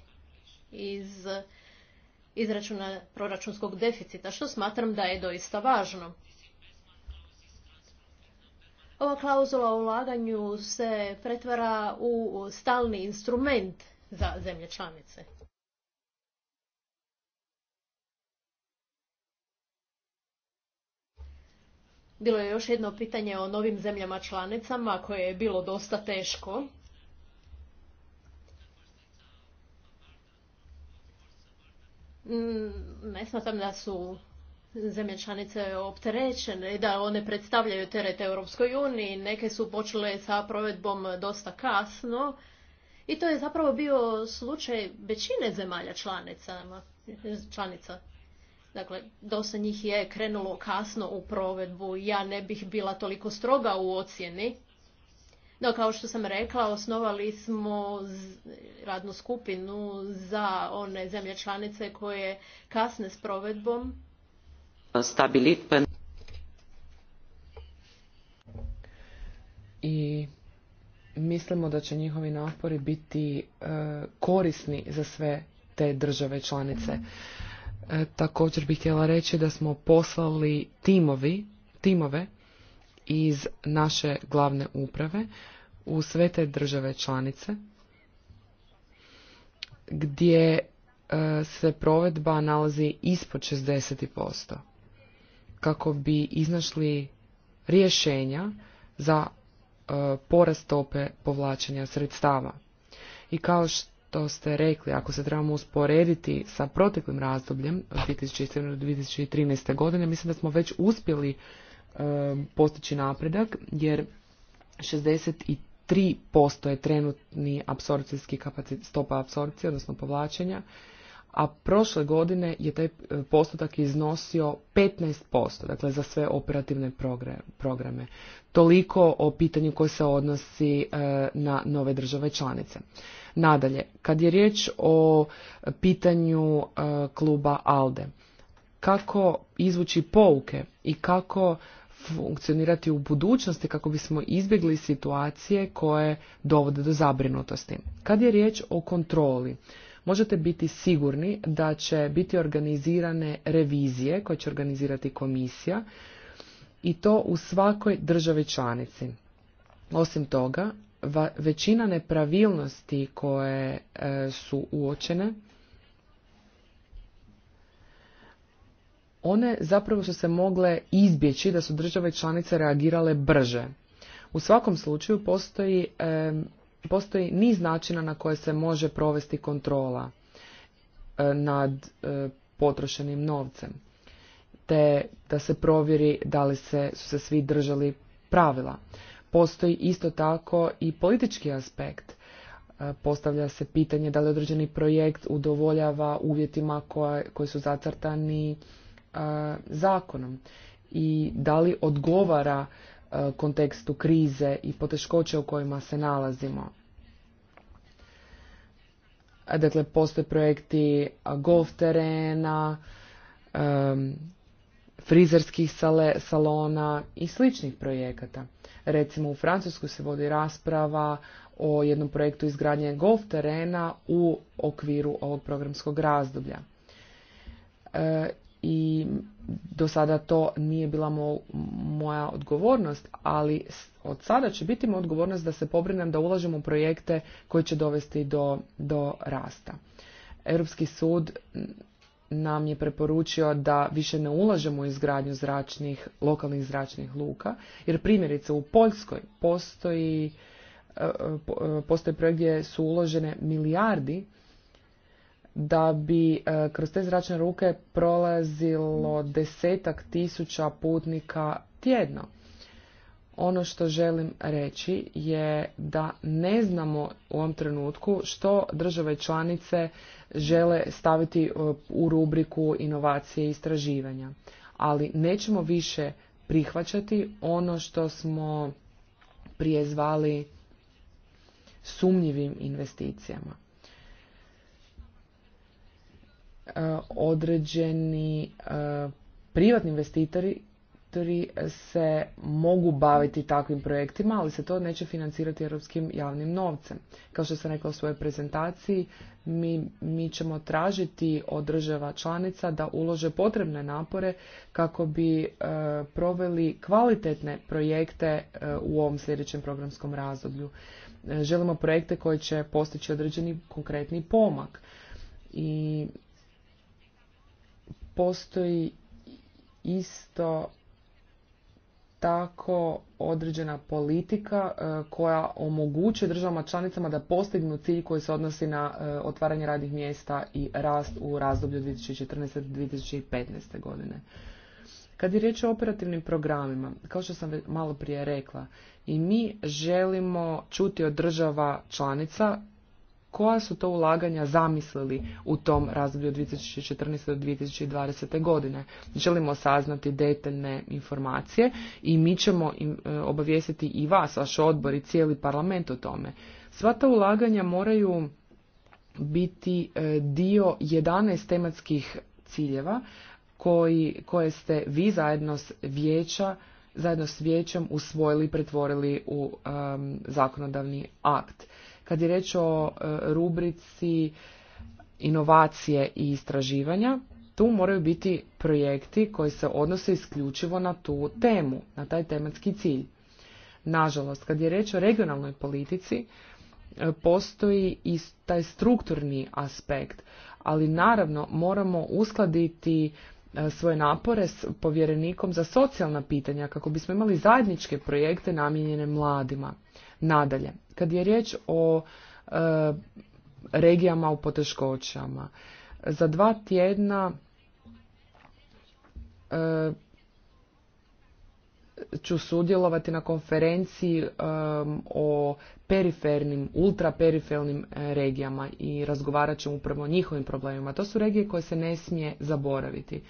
[SPEAKER 3] iz izračuna proračunskog deficita, što smatram da je doista važno. Ova klauzula o ulaganju se pretvara u stalni instrument za zemlje članice. Bilo je još jedno pitanje o novim zemljama članicama koje je bilo dosta teško Mm, ne smatram da su zemlje članice opterećene i da one predstavljaju teret Europskoj uniji. Neke su počele sa provedbom dosta kasno i to je zapravo bio slučaj većine zemalja članicama, članica. Dakle, dosta njih je krenulo kasno u provedbu. Ja ne bih bila toliko stroga u ocjeni no, kao što sam rekla, osnovali smo radnu skupinu za one zemlje članice koje kasne s provedbom.
[SPEAKER 1] I mislimo da će njihovi napori biti e, korisni za sve te države članice. E, također bih htjela reći da smo poslali timovi, timove iz naše glavne uprave u sve te države članice gdje e, se provedba nalazi ispod 60% kako bi iznašli rješenja za e, porast stope povlačenja sredstava. I kao što ste rekli, ako se trebamo usporediti sa proteklim razdobljem od 2007. do 2013. godine, mislim da smo već uspjeli Um, postići napredak jer 63% je trenutni apsorpcijski stopa apsorpcije, odnosno povlačenja, a prošle godine je taj e, postotak iznosio 15%, dakle za sve operativne programe. Toliko o pitanju koje se odnosi e, na nove države članice. Nadalje, kad je riječ o pitanju e, kluba ALDE, kako izvući pouke i kako funkcionirati u budućnosti kako bismo izbjegli situacije koje dovode do zabrinutosti. Kad je riječ o kontroli, možete biti sigurni da će biti organizirane revizije koje će organizirati komisija i to u svakoj državi članici. Osim toga, većina nepravilnosti koje e, su uočene one zapravo su se mogle izbjeći da su države članice reagirale brže. U svakom slučaju postoji, postoji niz načina na koje se može provesti kontrola e, nad e, potrošenim novcem, te da se provjeri da li se, su se svi držali pravila. Postoji isto tako i politički aspekt. E, postavlja se pitanje da li određeni projekt udovoljava uvjetima koje, koji su zacrtani E, zakonom i da li odgovara e, kontekstu krize i poteškoće u kojima se nalazimo. E, dakle, postoje projekti golf terena, frizerskih salona i sličnih projekata. Recimo u Francuskoj se vodi rasprava o jednom projektu izgradnje golf terena u okviru ovog programskog razdoblja i do sada to nije bila moja odgovornost, ali od sada će biti moja odgovornost da se pobrinem da ulažemo u projekte koji će dovesti do, do rasta. Europski sud nam je preporučio da više ne ulažemo u izgradnju zračnih, lokalnih zračnih luka, jer primjerice u Poljskoj postoji, e, e, e, postoji projekt gdje su uložene milijardi da bi e, kroz te zračne ruke prolazilo desetak tisuća putnika tjedno. Ono što želim reći je da ne znamo u ovom trenutku što države članice žele staviti e, u rubriku inovacije i istraživanja. Ali nećemo više prihvaćati ono što smo prije zvali sumnjivim investicijama. Eh, određeni eh, privatni investitori se mogu baviti takvim projektima, ali se to neće financirati europskim javnim novcem. Kao što sam rekla u svojoj prezentaciji, mi, mi ćemo tražiti od država članica da ulože potrebne napore kako bi eh, proveli kvalitetne projekte u ovom sljedećem programskom razdoblju. želimo projekte koji će postići određeni konkretni pomak. I postoji isto tako određena politika e, koja omogućuje državama članicama da postignu cilj koji se odnosi na e, otvaranje radnih mjesta i rast u razdoblju 2014. 2015. godine. Kad je riječ o operativnim programima, kao što sam malo prije rekla, i mi želimo čuti od država članica koja su to ulaganja zamislili u tom razdoblju od 2014. do 2020. godine. Želimo saznati detaljne informacije i mi ćemo e, obavijestiti i vas, vaš odbor i cijeli parlament o tome. Sva ta ulaganja moraju biti e, dio 11 tematskih ciljeva koji, koje ste vi zajedno s vijeća zajedno s vijećem usvojili i pretvorili u zakonodavni akt. Kad je reč o e, rubrici inovacije i istraživanja, tu moraju biti projekti koji se odnose isključivo na tu temu, na taj tematski cilj. Nažalost, kad je reč o regionalnoj politici, e, postoji i taj strukturni aspekt, ali naravno moramo uskladiti e, svoje napore s povjerenikom za socijalna pitanja kako bismo imali zajedničke projekte namijenjene mladima. Nadalje, kad je riječ o e, regijama u poteškoćama, za dva tjedna e, ću sudjelovati na konferenciji e, o perifernim, ultraperifernim e, regijama i razgovarat ćemo upravo o njihovim problemima. To su regije koje se ne smije zaboraviti.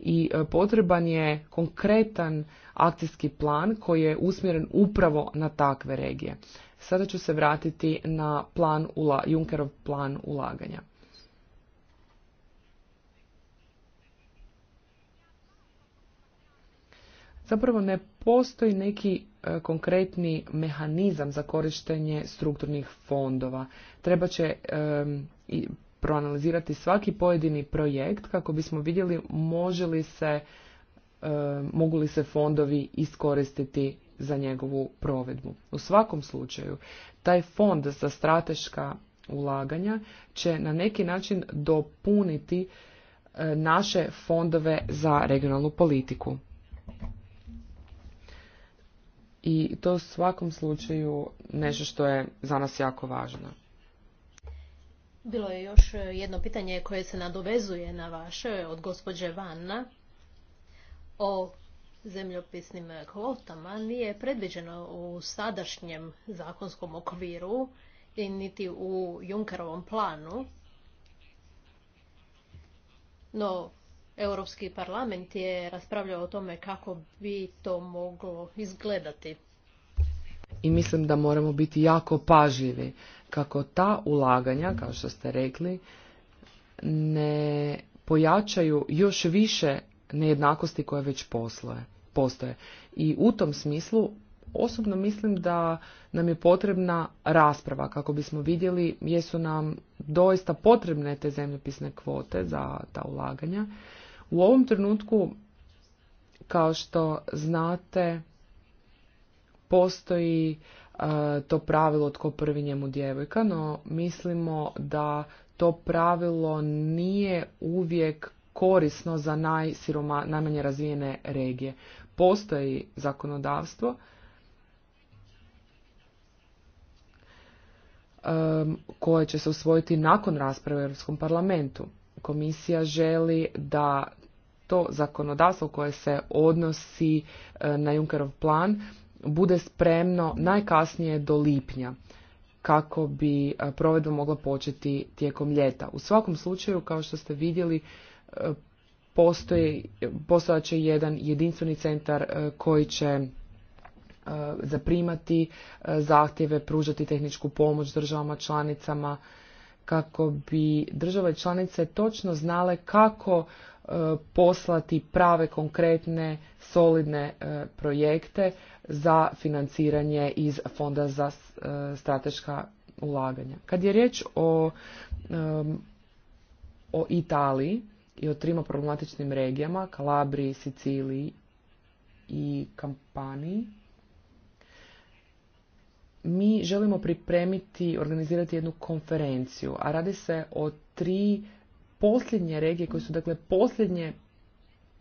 [SPEAKER 1] I potreban je konkretan akcijski plan koji je usmjeren upravo na takve regije. Sada ću se vratiti na plan ula, Junkerov plan ulaganja. Zapravo ne postoji neki e, konkretni mehanizam za korištenje strukturnih fondova. Treba će i proanalizirati svaki pojedini projekt kako bismo vidjeli može li se E, mogu li se fondovi iskoristiti za njegovu provedbu. U svakom slučaju, taj fond za strateška ulaganja će na neki način dopuniti e, naše fondove za regionalnu politiku. I to u svakom slučaju nešto što je za nas jako važno.
[SPEAKER 3] Bilo je još jedno pitanje koje se nadovezuje na vaše od gospođe Vanna o zemljopisnim kvotama nije predviđeno u sadašnjem zakonskom okviru i niti u Junkerovom planu. No, Europski parlament je raspravljao o tome kako bi to moglo izgledati.
[SPEAKER 1] I mislim da moramo biti jako pažljivi kako ta ulaganja, kao što ste rekli, ne pojačaju još više nejednakosti koje već posloje, postoje. I u tom smislu osobno mislim da nam je potrebna rasprava kako bismo vidjeli jesu nam doista potrebne te zemljopisne kvote za ta ulaganja. U ovom trenutku, kao što znate, postoji e, to pravilo tko prvi njemu djevojka, no mislimo da to pravilo nije uvijek korisno za najsiroma, najmanje razvijene regije. Postoji zakonodavstvo koje će se usvojiti nakon rasprave u Europskom parlamentu. Komisija želi da to zakonodavstvo koje se odnosi e, na Junckerov plan bude spremno najkasnije do lipnja kako bi e, provedba mogla početi tijekom ljeta. U svakom slučaju, kao što ste vidjeli, postoji, postojat će jedan jedinstveni centar e, koji će e, zaprimati e, zahtjeve, pružati tehničku pomoć državama članicama kako bi države članice točno znale kako poslati prave, konkretne, solidne projekte za financiranje iz Fonda za strateška ulaganja. Kad je riječ o, o Italiji, i o trima problematičnim regijama, Kalabriji, Siciliji i Kampaniji, mi želimo pripremiti, organizirati jednu konferenciju, a radi se o tri posljednje regije koje su dakle posljednje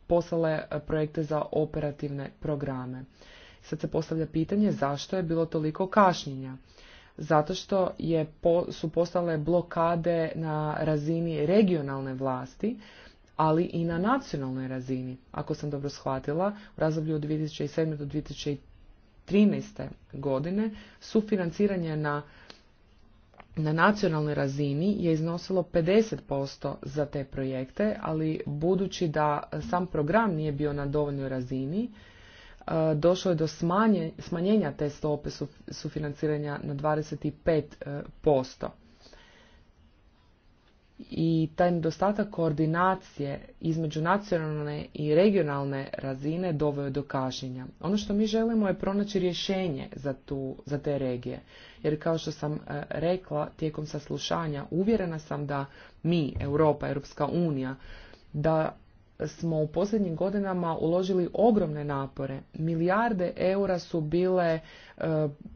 [SPEAKER 1] poslale e, projekte za operativne programe. Sad se postavlja pitanje zašto je bilo toliko kašnjenja. Zato što je, su postale blokade na razini regionalne vlasti, ali i na nacionalnoj razini. Ako sam dobro shvatila, u razdoblju od 2007. do 2013. godine sufinanciranje na na nacionalnoj razini je iznosilo 50% za te projekte, ali budući da sam program nije bio na dovoljnoj razini, e, došlo je do smanjenja te stope sufinanciranja na 25% i taj nedostatak koordinacije između nacionalne i regionalne razine doveo do kašnjenja. Ono što mi želimo je pronaći rješenje za, tu, za te regije. Jer kao što sam e, rekla tijekom saslušanja, uvjerena sam da mi, Europa, Europska unija, da smo u posljednjim godinama uložili ogromne napore. Milijarde eura su bile e,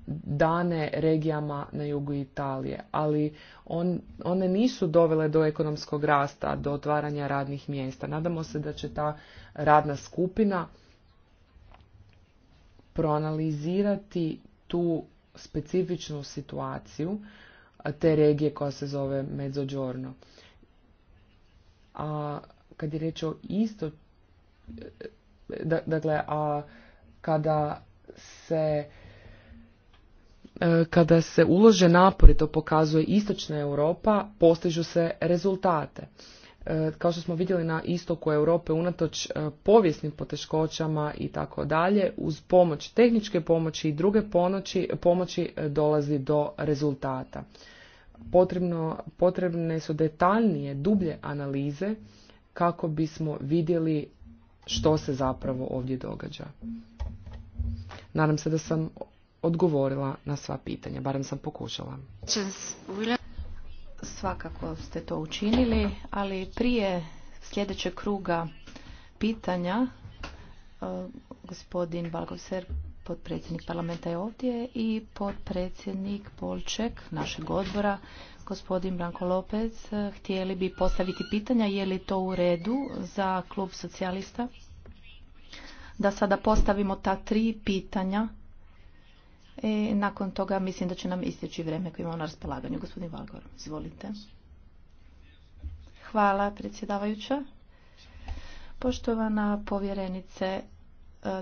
[SPEAKER 1] dane regijama na jugu Italije, ali on, one nisu dovele do ekonomskog rasta, do otvaranja radnih mjesta. Nadamo se da će ta radna skupina proanalizirati tu specifičnu situaciju te regije koja se zove Mezzogiorno. A kad je riječ o isto, dakle, a kada se e, kada se ulože napori, to pokazuje istočna Europa, postižu se rezultate. E, kao što smo vidjeli na istoku Europe, unatoč e, povijesnim poteškoćama i tako dalje, uz pomoć tehničke pomoći i druge pomoći, pomoći dolazi do rezultata. Potrebno, potrebne su detaljnije, dublje analize kako bismo vidjeli što se zapravo ovdje događa. Nadam se da sam odgovorila na sva pitanja, barem sam pokušala.
[SPEAKER 2] Svakako ste to učinili, ali prije sljedećeg kruga pitanja e, gospodin ser potpredsjednik parlamenta je ovdje i potpredsjednik Polček, našeg odbora, gospodin Branko Lopez, htjeli bi postaviti pitanja je li to u redu za klub socijalista? Da sada postavimo ta tri pitanja. i e, nakon toga mislim da će nam istjeći vrijeme koje imamo na raspolaganju. Gospodin Valgor, izvolite. Hvala, predsjedavajuća. Poštovana povjerenice, e,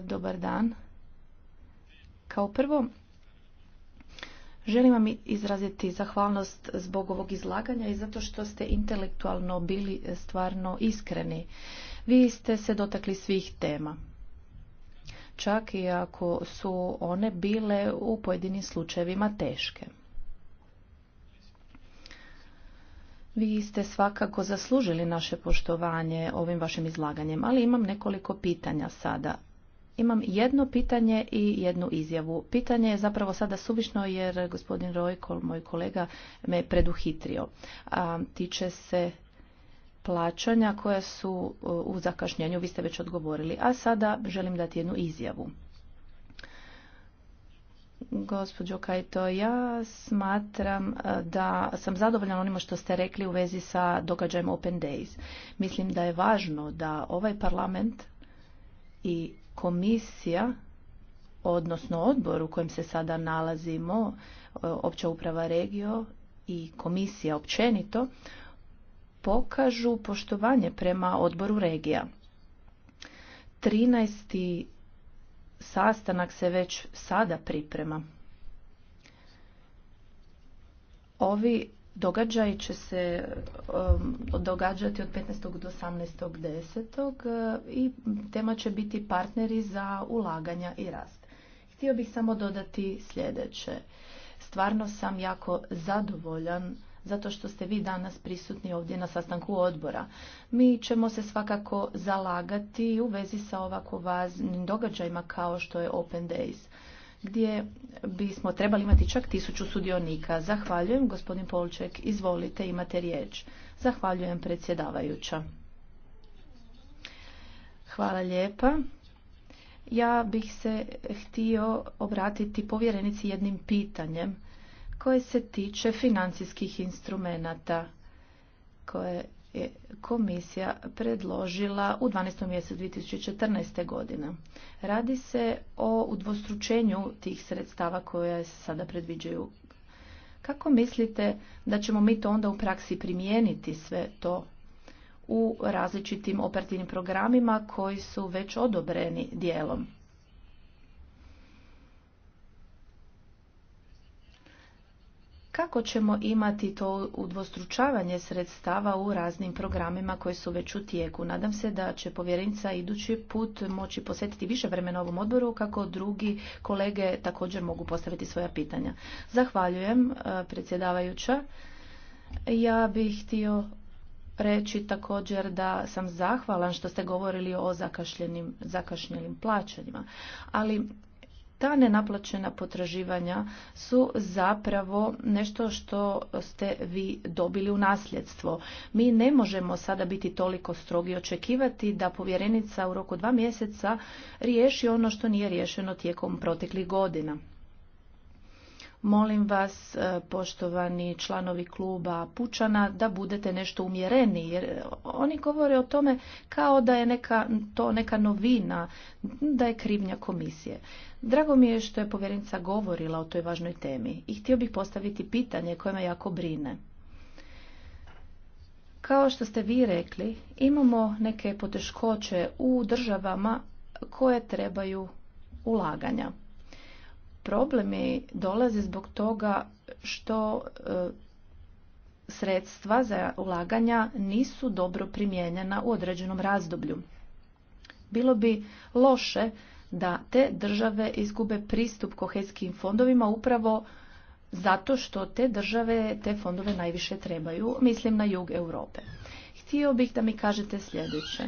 [SPEAKER 2] dobar dan. Kao prvo, Želim vam izraziti zahvalnost zbog ovog izlaganja i zato što ste intelektualno bili stvarno iskreni. Vi ste se dotakli svih tema. Čak i ako su one bile u pojedinim slučajevima teške. Vi ste svakako zaslužili naše poštovanje ovim vašim izlaganjem, ali imam nekoliko pitanja sada. Imam jedno pitanje i jednu izjavu. Pitanje je zapravo sada suvišno jer gospodin Rojko, moj kolega, me preduhitrio. A, tiče se plaćanja koja su u zakašnjenju, vi ste već odgovorili. A sada želim dati jednu izjavu. Gospođo Kajto, ja smatram da sam zadovoljna onima što ste rekli u vezi sa događajem Open Days. Mislim da je važno da ovaj parlament i komisija odnosno odbor u kojem se sada nalazimo, e, opća uprava regio i komisija općenito, pokažu poštovanje prema odboru regija. 13. sastanak se već sada priprema. Ovi događaj će se um, događati od 15. do desetog uh, i tema će biti partneri za ulaganja i rast. Htio bih samo dodati sljedeće. Stvarno sam jako zadovoljan zato što ste vi danas prisutni ovdje na sastanku odbora. Mi ćemo se svakako zalagati u vezi sa ovako važnim događajima kao što je Open Days gdje bismo trebali imati čak tisuću sudionika. Zahvaljujem, gospodin Polček, izvolite, imate riječ. Zahvaljujem, predsjedavajuća. Hvala lijepa. Ja bih se htio obratiti povjerenici jednim pitanjem koje se tiče financijskih instrumenata koje komisija predložila u 12. mjesecu 2014. godine. Radi se o udvostručenju tih sredstava koje se sada predviđaju. Kako mislite da ćemo mi to onda u praksi primijeniti sve to u različitim operativnim programima koji su već odobreni dijelom? kako ćemo imati to udvostručavanje sredstava u raznim programima koji su već u tijeku. Nadam se da će povjerenica idući put moći posjetiti više vremena ovom odboru kako drugi kolege također mogu postaviti svoja pitanja. Zahvaljujem e, predsjedavajuća. Ja bih htio reći također da sam zahvalan što ste govorili o zakašnjelim plaćanjima, ali ta nenaplaćena potraživanja su zapravo nešto što ste vi dobili u nasljedstvo. Mi ne možemo sada biti toliko strogi očekivati da povjerenica u roku dva mjeseca riješi ono što nije riješeno tijekom proteklih godina. Molim vas, e, poštovani članovi kluba Pučana, da budete nešto umjereni, jer oni govore o tome kao da je neka, to neka novina, da je krivnja komisije. Drago mi je što je povjerenica govorila o toj važnoj temi i htio bih postaviti pitanje koje me jako brine. Kao što ste vi rekli, imamo neke poteškoće u državama koje trebaju ulaganja. Problemi dolaze zbog toga što e, sredstva za ulaganja nisu dobro primijenjena u određenom razdoblju. Bilo bi loše da te države izgube pristup kohetskim fondovima upravo zato što te države te fondove najviše trebaju, mislim na jug Europe. Htio bih da mi kažete sljedeće.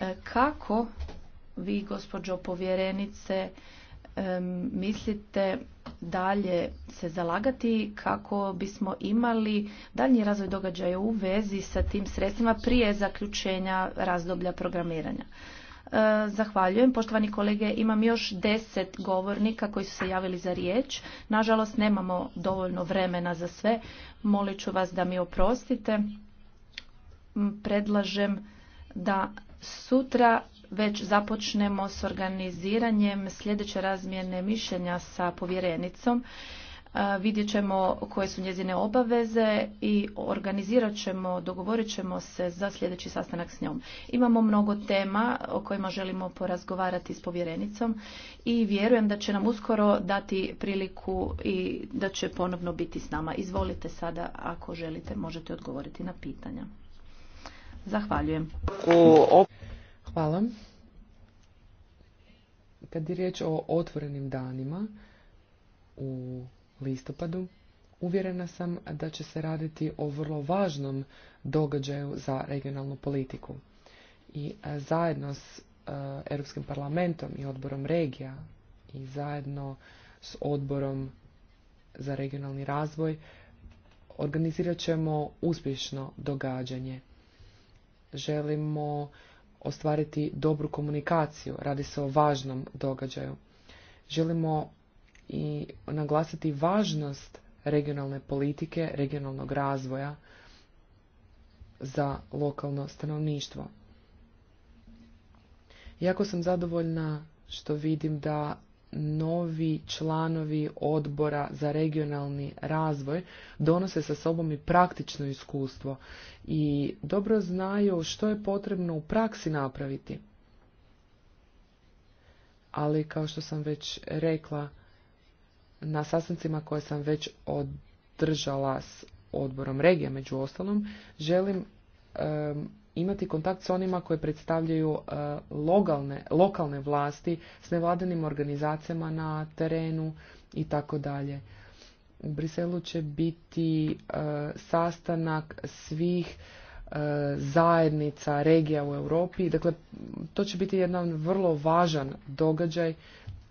[SPEAKER 2] E, kako vi, gospođo povjerenice, mislite dalje se zalagati kako bismo imali daljnji razvoj događaja u vezi sa tim sredstvima prije zaključenja razdoblja programiranja. Zahvaljujem. Poštovani kolege, imam još deset govornika koji su se javili za riječ. Nažalost, nemamo dovoljno vremena za sve. Molit ću vas da mi oprostite. Predlažem da sutra već započnemo s organiziranjem sljedeće razmjene mišljenja sa povjerenicom. Vidjet ćemo koje su njezine obaveze i organizirat ćemo, dogovorit ćemo se za sljedeći sastanak s njom. Imamo mnogo tema o kojima želimo porazgovarati s povjerenicom i vjerujem da će nam uskoro dati priliku i da će ponovno biti s nama. Izvolite sada ako želite možete odgovoriti na
[SPEAKER 1] pitanja. Zahvaljujem. Hvala. Kad je riječ o otvorenim danima u listopadu, uvjerena sam da će se raditi o vrlo važnom događaju za regionalnu politiku. I e, zajedno s e, Europskim parlamentom i odborom regija i zajedno s odborom za regionalni razvoj organizirat ćemo uspješno događanje. Želimo ostvariti dobru komunikaciju. Radi se o važnom događaju. Želimo i naglasiti važnost regionalne politike, regionalnog razvoja za lokalno stanovništvo. Jako sam zadovoljna što vidim da novi članovi odbora za regionalni razvoj donose sa sobom i praktično iskustvo i dobro znaju što je potrebno u praksi napraviti. Ali kao što sam već rekla na sastancima koje sam već održala s odborom regija među ostalom, želim imati kontakt s onima koje predstavljaju e, lokalne, vlasti s nevladanim organizacijama na terenu i tako dalje. U Briselu će biti e, sastanak svih e, zajednica, regija u Europi. Dakle, to će biti jedan vrlo važan događaj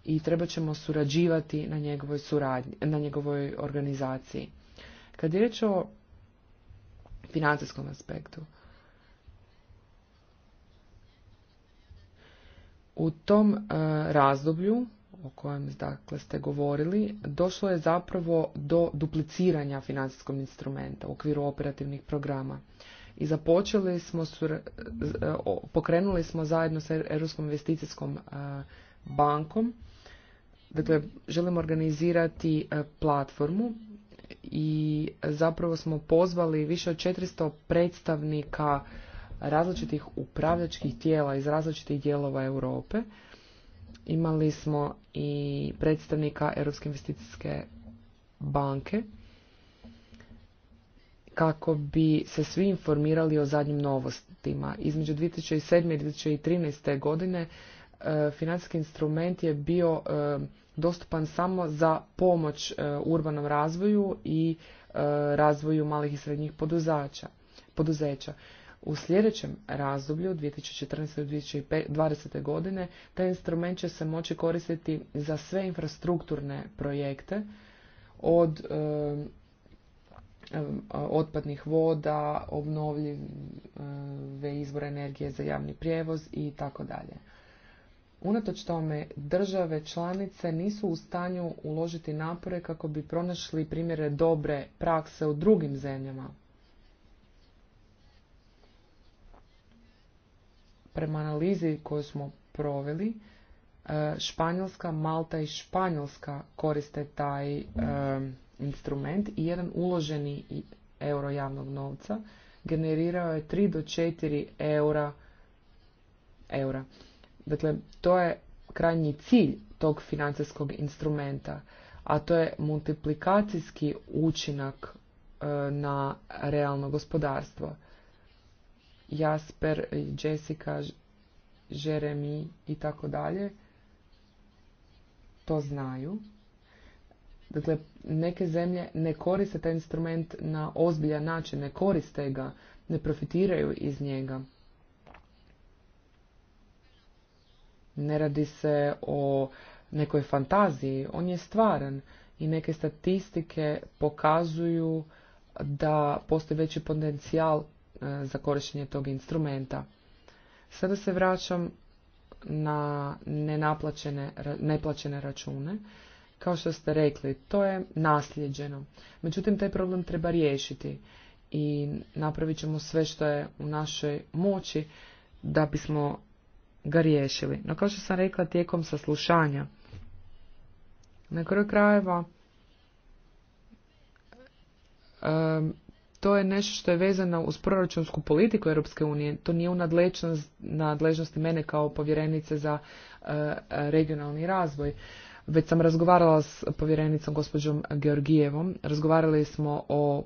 [SPEAKER 1] i treba ćemo surađivati na njegovoj, suradnji, na njegovoj organizaciji. Kad je riječ o financijskom aspektu, U tom e, razdoblju o kojem dakle, ste govorili, došlo je zapravo do dupliciranja financijskog instrumenta u okviru operativnih programa. I započeli smo, e, pokrenuli smo zajedno sa Europskom investicijskom e, bankom, dakle želimo organizirati platformu i zapravo smo pozvali više od 400 predstavnika različitih upravljačkih tijela iz različitih dijelova Europe. Imali smo i predstavnika Europske investicijske banke kako bi se svi informirali o zadnjim novostima. Između 2007. i 2013. godine e, financijski instrument je bio e, dostupan samo za pomoć e, urbanom razvoju i razvoju malih i srednjih poduzeća. U sljedećem razdoblju 2014. do 2020. godine taj instrument će se moći koristiti za sve infrastrukturne projekte od otpadnih voda, obnovljive eh, izvore energije za javni prijevoz i tako dalje. Unatoč tome, države članice nisu u stanju uložiti napore kako bi pronašli primjere dobre prakse u drugim zemljama Prema analizi koju smo proveli, e, Španjolska, Malta i Španjolska koriste taj e, instrument i jedan uloženi euro javnog novca generirao je 3 do 4 eura eura. Dakle, to je krajnji cilj tog financijskog instrumenta, a to je multiplikacijski učinak e, na realno gospodarstvo. Jasper, Jessica, Jeremy i tako dalje to znaju. Dakle, neke zemlje ne koriste taj instrument na ozbiljan način, ne koriste ga, ne profitiraju iz njega. Ne radi se o nekoj fantaziji, on je stvaran i neke statistike pokazuju da postoji veći potencijal Eh, za korištenje tog instrumenta. Sada se vraćam na neplaćene račune. Kao što ste rekli, to je nasljeđeno. Međutim, taj problem treba riješiti i napravit ćemo sve što je u našoj moći da bismo ga riješili. No kao što sam rekla tijekom saslušanja, na kraju krajeva to je nešto što je vezano uz proračunsku politiku Europske unije. To nije u nadležnosti mene kao povjerenice za e, regionalni razvoj. Već sam razgovarala s povjerenicom gospođom Georgijevom. Razgovarali smo o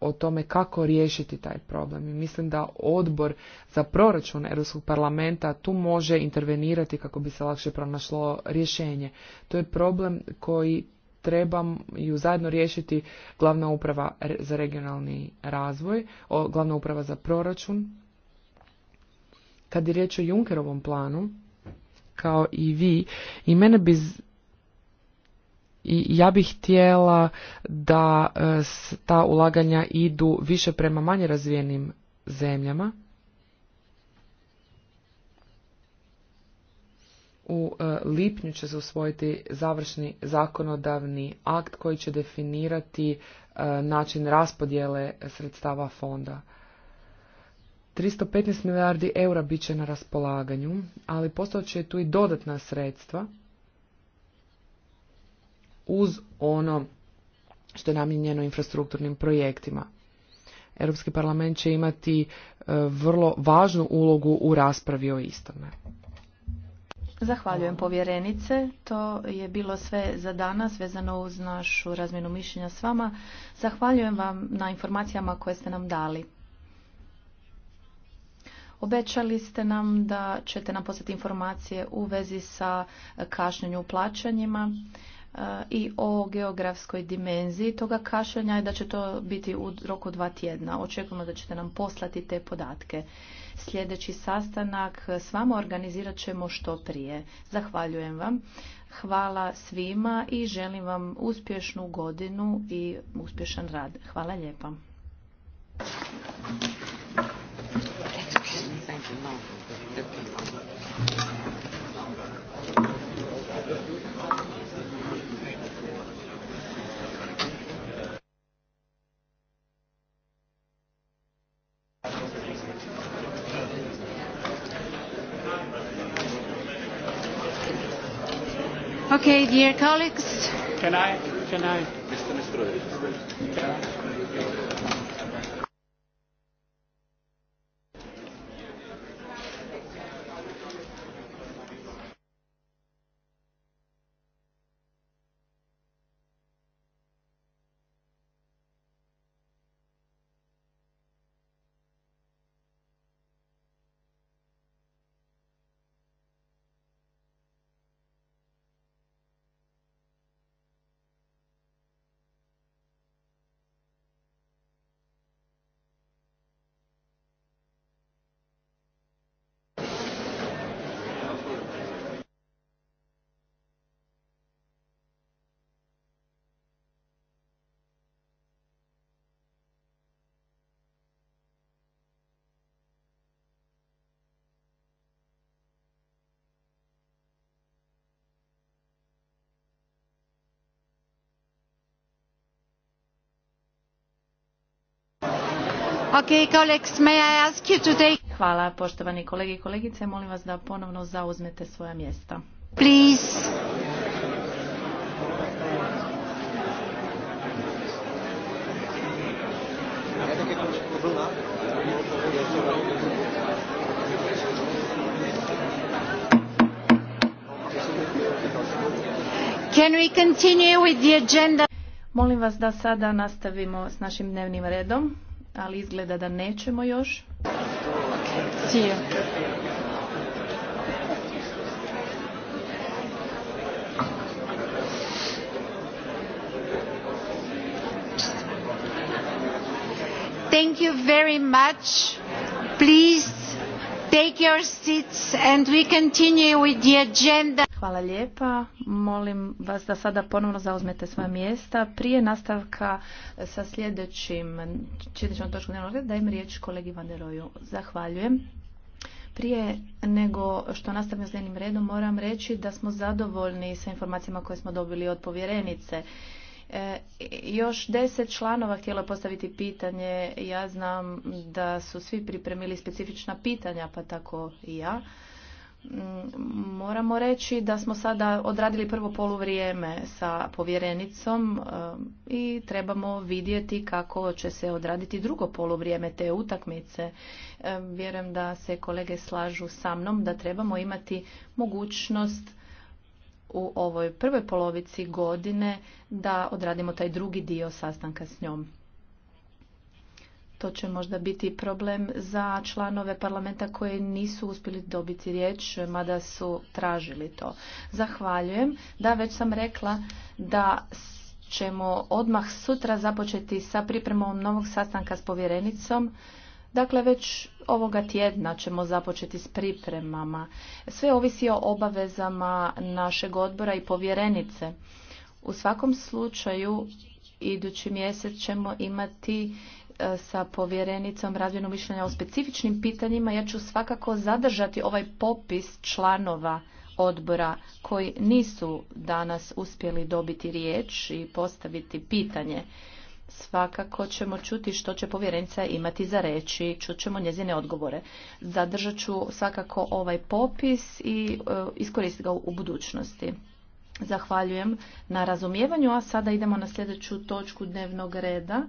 [SPEAKER 1] o tome kako riješiti taj problem. I mislim da odbor za proračun Europskog parlamenta tu može intervenirati kako bi se lakše pronašlo rješenje. To je problem koji trebam ju zajedno riješiti glavna uprava za regionalni razvoj, glavna uprava za proračun. Kad je riječ o Junkerovom planu, kao i vi, i mene bi i ja bih htjela da e, ta ulaganja idu više prema manje razvijenim zemljama U e, lipnju će se usvojiti završni zakonodavni akt koji će definirati e, način raspodjele sredstava fonda. 315 milijardi eura bit će na raspolaganju, ali će tu i dodatna sredstva uz ono što je namijenjeno infrastrukturnim projektima. Europski parlament će imati e, vrlo važnu ulogu u raspravi o istome.
[SPEAKER 2] Zahvaljujem povjerenice. To je bilo sve za danas vezano uz našu razmjenu mišljenja s vama. Zahvaljujem vam na informacijama koje ste nam dali. Obećali ste nam da ćete nam poslati informacije u vezi sa kašnjenju u plaćanjima e, i o geografskoj dimenziji toga kašljanja i da će to biti u roku dva tjedna. Očekujemo da ćete nam poslati te podatke. Sljedeći sastanak s vama organizirat ćemo što prije. Zahvaljujem vam. Hvala svima i želim vam uspješnu godinu i uspješan rad. Hvala lijepa.
[SPEAKER 3] Okay, dear colleagues.
[SPEAKER 2] Can I? Can I? Mr. Mr. Okay, colleagues, may I ask Hvala, poštovani kolege i kolegice. Molim vas da ponovno zauzmete svoja mjesta.
[SPEAKER 3] Please.
[SPEAKER 1] Can
[SPEAKER 2] we continue with the Molim vas da sada nastavimo s našim dnevnim redom ali izgleda da nećemo još. See Thank you very much. Please take your seats and we continue with the agenda. Hvala lijepa. Molim vas da sada ponovno zauzmete svoje mjesta. Prije nastavka sa sljedećim četvrćom točkom dnevnog reda dajem riječ kolegi Vanderoju. Zahvaljujem. Prije nego što nastavimo s dnevnim redom moram reći da smo zadovoljni sa informacijama koje smo dobili od povjerenice. E, još deset članova htjela postaviti pitanje. Ja znam da su svi pripremili specifična pitanja, pa tako i ja. Mm, moramo reći da smo sada odradili prvo poluvrijeme sa povjerenicom eh, i trebamo vidjeti kako će se odraditi drugo poluvrijeme te utakmice. Eh, vjerujem da se kolege slažu sa mnom da trebamo imati mogućnost u ovoj prvoj polovici godine da odradimo taj drugi dio sastanka s njom. To će možda biti problem za članove parlamenta koji nisu uspjeli dobiti riječ, mada su tražili to. Zahvaljujem. Da, već sam rekla da ćemo odmah sutra započeti sa pripremom novog sastanka s povjerenicom. Dakle, već ovoga tjedna ćemo započeti s pripremama. Sve ovisi o obavezama našeg odbora i povjerenice. U svakom slučaju, idući mjesec ćemo imati sa povjerenicom razvijenu mišljenja o specifičnim pitanjima, ja ću svakako zadržati ovaj popis članova odbora koji nisu danas uspjeli dobiti riječ i postaviti pitanje. Svakako ćemo čuti što će povjerenica imati za reći, ćemo njezine odgovore. Zadržat ću svakako ovaj popis i e, iskoristiti ga u budućnosti. Zahvaljujem na razumijevanju, a sada idemo na sljedeću točku dnevnog reda.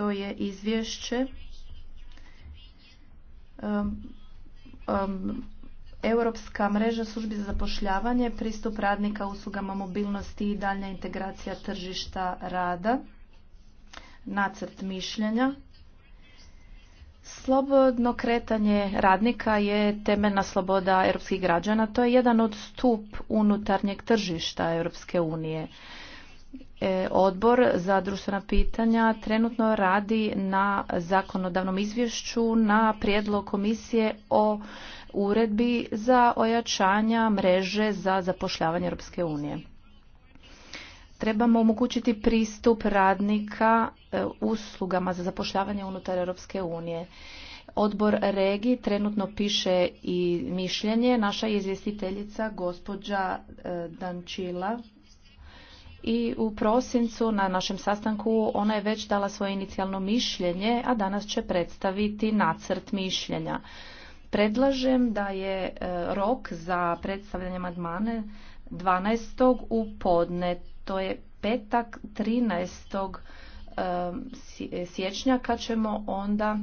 [SPEAKER 2] to je izvješće um, um, Europska mreža službi za zapošljavanje, pristup radnika uslugama mobilnosti i daljnja integracija tržišta rada, nacrt mišljenja. Slobodno kretanje radnika je temeljna sloboda europskih građana. To je jedan od stup unutarnjeg tržišta Europske unije. E, odbor za društvena pitanja trenutno radi na zakonodavnom izvješću na prijedlog komisije o uredbi za ojačanja mreže za zapošljavanje Europske unije. Trebamo omogućiti pristup radnika e, uslugama za zapošljavanje unutar Europske unije. Odbor Regi trenutno piše i mišljenje. Naša izvjestiteljica gospođa e, Dančila i u prosincu na našem sastanku ona je već dala svoje inicijalno mišljenje, a danas će predstaviti nacrt mišljenja. Predlažem da je e, rok za predstavljanje madmane 12. u podne, to je petak 13. E, siječnja kad ćemo onda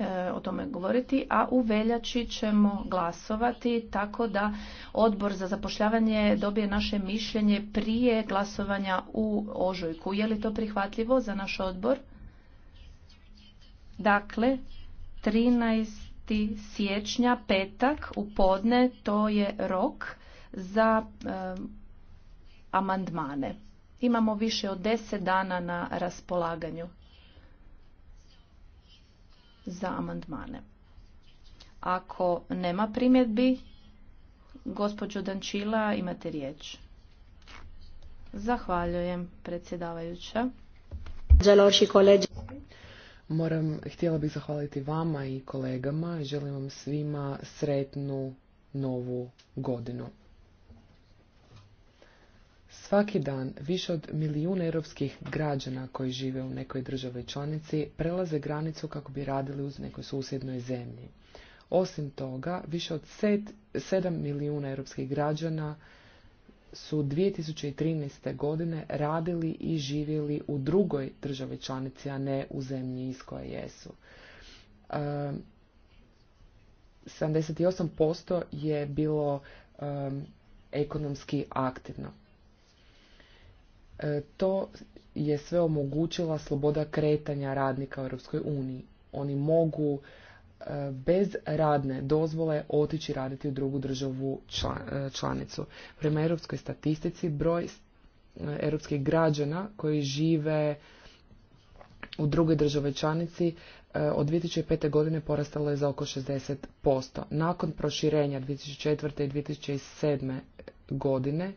[SPEAKER 2] E, o tome govoriti, a u veljači ćemo glasovati tako da odbor za zapošljavanje dobije naše mišljenje prije glasovanja u ožujku. Je li to prihvatljivo za naš odbor? Dakle, 13. siječnja, petak, u podne, to je rok za e, amandmane. Imamo više od 10 dana na raspolaganju za amandmane. Ako nema primjedbi, gospođo Dančila, imate riječ. Zahvaljujem, predsjedavajuća.
[SPEAKER 1] Moram, htjela bih zahvaliti vama i kolegama. Želim vam svima sretnu novu godinu. Svaki dan više od milijuna europskih građana koji žive u nekoj državi članici prelaze granicu kako bi radili uz nekoj susjednoj zemlji. Osim toga, više od 7 milijuna europskih građana su 2013. godine radili i živjeli u drugoj državi članici, a ne u zemlji iz koje jesu. 78% ehm, je bilo ehm, ekonomski aktivno. E, to je sve omogućila sloboda kretanja radnika u Europskoj uniji. Oni mogu e, bez radne dozvole otići raditi u drugu državu e, članicu. Prema europskoj statistici broj europskih građana koji žive u drugoj državi članici od 2005. godine porastalo je za oko 60%. Nakon proširenja 2004. i 2007. godine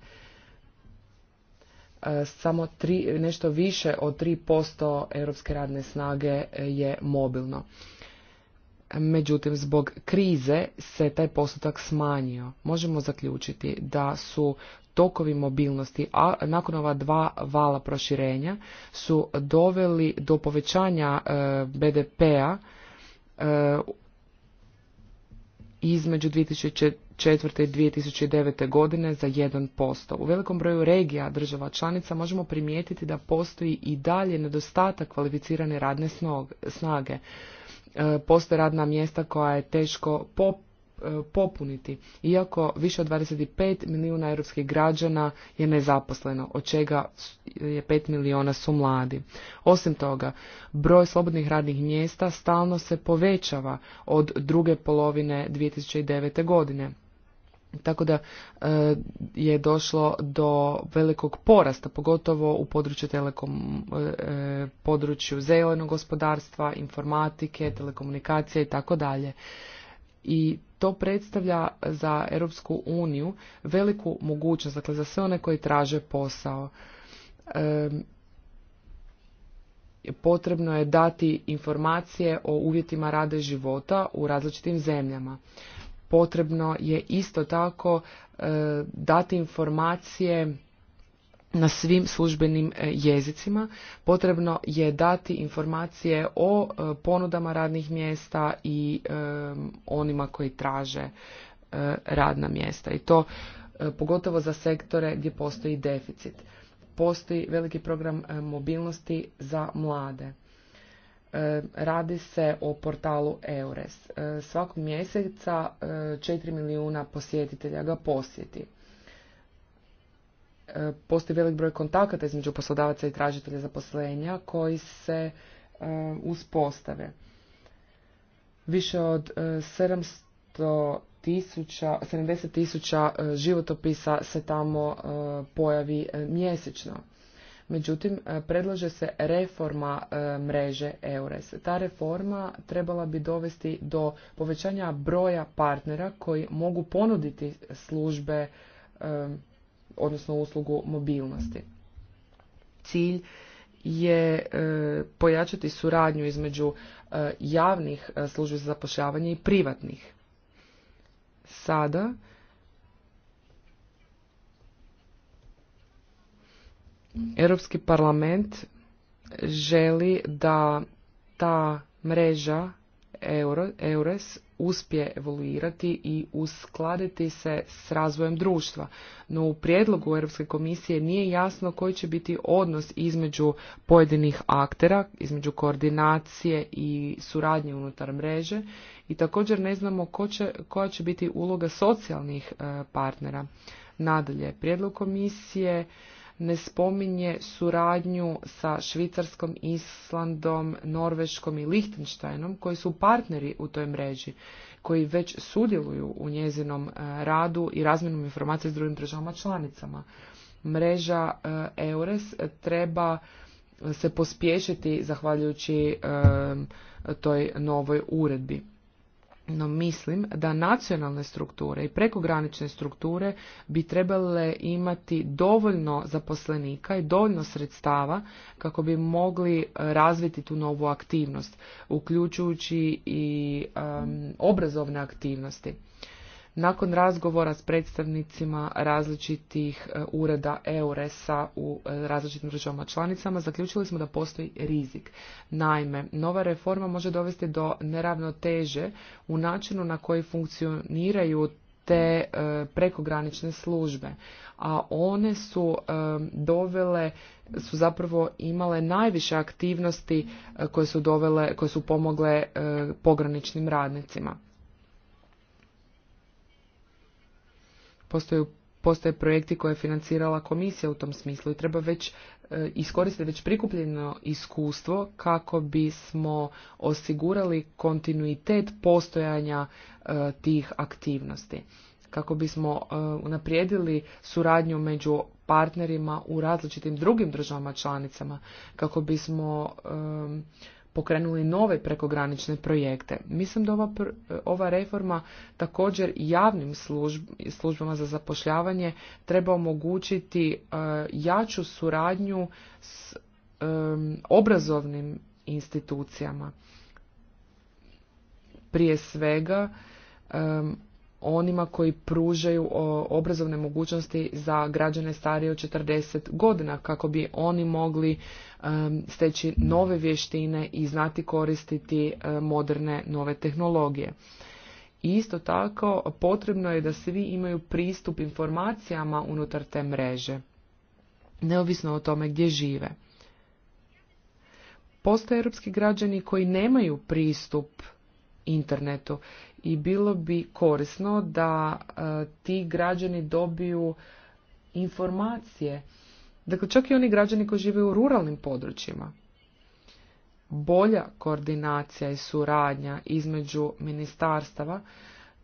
[SPEAKER 1] samo tri, nešto više od 3% europske radne snage je mobilno. Međutim, zbog krize se taj postotak smanjio. Možemo zaključiti da su tokovi mobilnosti a nakon ova dva vala proširenja su doveli do povećanja e, BDP-a e, između 2014. 2004. i 2009. godine za 1%. U velikom broju regija država članica možemo primijetiti da postoji i dalje nedostatak kvalificirane radne snage. E, postoje radna mjesta koja je teško e, popuniti, iako više od 25 milijuna europskih građana je nezaposleno, od čega je 5 milijuna su mladi. Osim toga, broj slobodnih radnih mjesta stalno se povećava od druge polovine 2009. godine. Tako da e, je došlo do velikog porasta, pogotovo u području telekom, e, e, području zelenog gospodarstva, informatike, telekomunikacije i tako dalje. I to predstavlja za Europsku uniju veliku mogućnost, dakle za sve one koji traže posao. Potrebno je dati informacije o uvjetima rade života u različitim zemljama potrebno je isto tako e, dati informacije na svim službenim e, jezicima. Potrebno je dati informacije o e, ponudama radnih mjesta i onima koji traže radna mjesta. I to pogotovo za sektore gdje postoji deficit. Postoji veliki program mobilnosti za mlade. E, radi se o portalu EURES. E, svakog mjeseca 4 e, milijuna posjetitelja ga posjeti. Postoji velik broj kontakata između poslodavaca i tražitelja zaposlenja koji se uspostave. Više od 700 tisuća, 70 tisuća životopisa se tamo pojavi mjesečno. Međutim, e, predlaže se reforma e, mreže EURES. Ta reforma trebala bi dovesti do povećanja broja partnera koji mogu ponuditi službe, e, odnosno uslugu mobilnosti. Cilj je pojačati suradnju između javnih službi za zapošljavanje i privatnih. Sada Europski parlament želi da ta mreža Euro, EURES uspije evoluirati i uskladiti se s razvojem društva. No u prijedlogu Europske komisije nije jasno koji će biti odnos između pojedinih aktera, između koordinacije i suradnje unutar mreže i također ne znamo ko će, koja će biti uloga socijalnih e, partnera. Nadalje, prijedlog komisije ne spominje suradnju sa Švicarskom, Islandom, Norveškom i Lichtensteinom koji su partneri u toj mreži, koji već sudjeluju u njezinom e, radu i razmjenom informacija s drugim državama članicama. Mreža e, EURES treba se pospješiti zahvaljujući e, toj novoj uredbi no mislim da nacionalne strukture i prekogranične strukture bi trebale imati dovoljno zaposlenika i dovoljno sredstava kako bi mogli e, razviti tu novu aktivnost, uključujući i obrazovne aktivnosti. Nakon razgovora s predstavnicima različitih e, ureda EURES-a u e, različitim državama članicama, zaključili smo da postoji rizik. Naime, nova reforma može dovesti do neravnoteže u načinu na koji funkcioniraju te e, prekogranične službe, a one su dovele, su zapravo imale najviše aktivnosti koje su dovele, koje su pomogle pograničnim radnicima. postoje projekti koje je financirala komisija u tom smislu i treba već e, iskoristiti već prikupljeno iskustvo kako bismo osigurali kontinuitet postojanja e, tih aktivnosti kako bismo e, unaprijedili suradnju među partnerima u različitim drugim državama članicama kako bismo pokrenuli nove prekogranične projekte. Mislim da ova, ova reforma također javnim službama za zapošljavanje treba omogućiti e, jaču suradnju s e, obrazovnim institucijama. Prije svega e, onima koji pružaju obrazovne mogućnosti za građane starije od 40 godina kako bi oni mogli steći nove vještine i znati koristiti e, moderne nove tehnologije. I isto tako potrebno je da svi imaju pristup informacijama unutar te mreže, neovisno o tome gdje žive. Postoje europski građani koji nemaju pristup internetu i bilo bi korisno da e, ti građani dobiju informacije. Dakle, čak i oni građani koji žive u ruralnim područjima. Bolja koordinacija i suradnja između ministarstava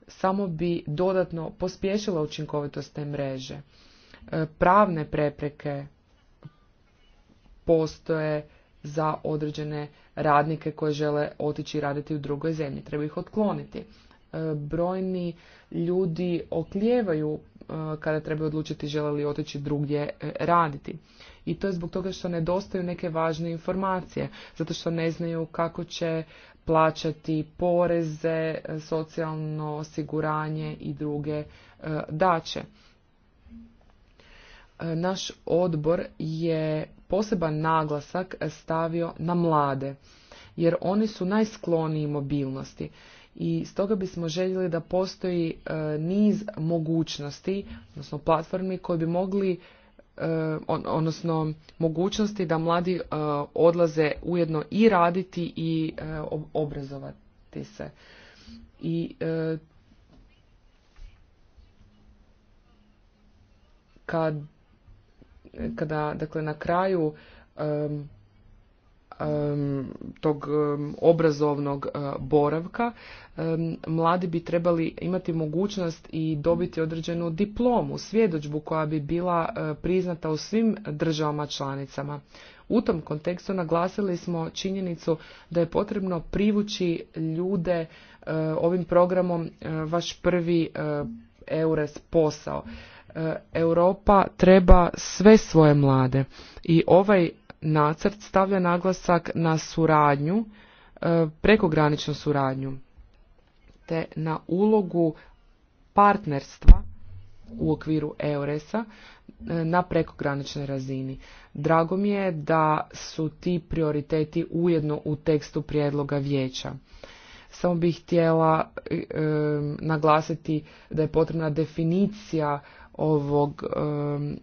[SPEAKER 1] samo bi dodatno pospješila učinkovitost te mreže. E, pravne prepreke postoje za određene radnike koje žele otići raditi u drugoj zemlji. Treba ih otkloniti. E, brojni ljudi oklijevaju e, kada trebaju odlučiti žele li otići drugdje e, raditi. I to je zbog toga što nedostaju neke važne informacije, zato što ne znaju kako će plaćati poreze, socijalno osiguranje i druge daće. Naš odbor je poseban naglasak stavio na mlade, jer oni su najskloniji mobilnosti i stoga bismo željeli da postoji e, niz mogućnosti, odnosno platformi koji bi mogli, e, odnosno mogućnosti da mladi e, odlaze ujedno i raditi i obrazovati se. I kad, kada, dakle, na kraju tog obrazovnog e, boravka mladi bi trebali imati mogućnost i dobiti određenu diplomu, svjedočbu koja bi bila e, priznata u svim državama članicama. U tom kontekstu naglasili smo činjenicu da je potrebno privući ljude e, ovim programom vaš prvi EURES posao. Europa treba sve svoje mlade i ovaj nacrt stavlja naglasak na suradnju, e, prekograničnu suradnju, te na ulogu partnerstva u okviru EURES-a e, na prekograničnoj razini. Drago mi je da su ti prioriteti ujedno u tekstu prijedloga vijeća. Samo bih htjela e, naglasiti da je potrebna definicija ovog,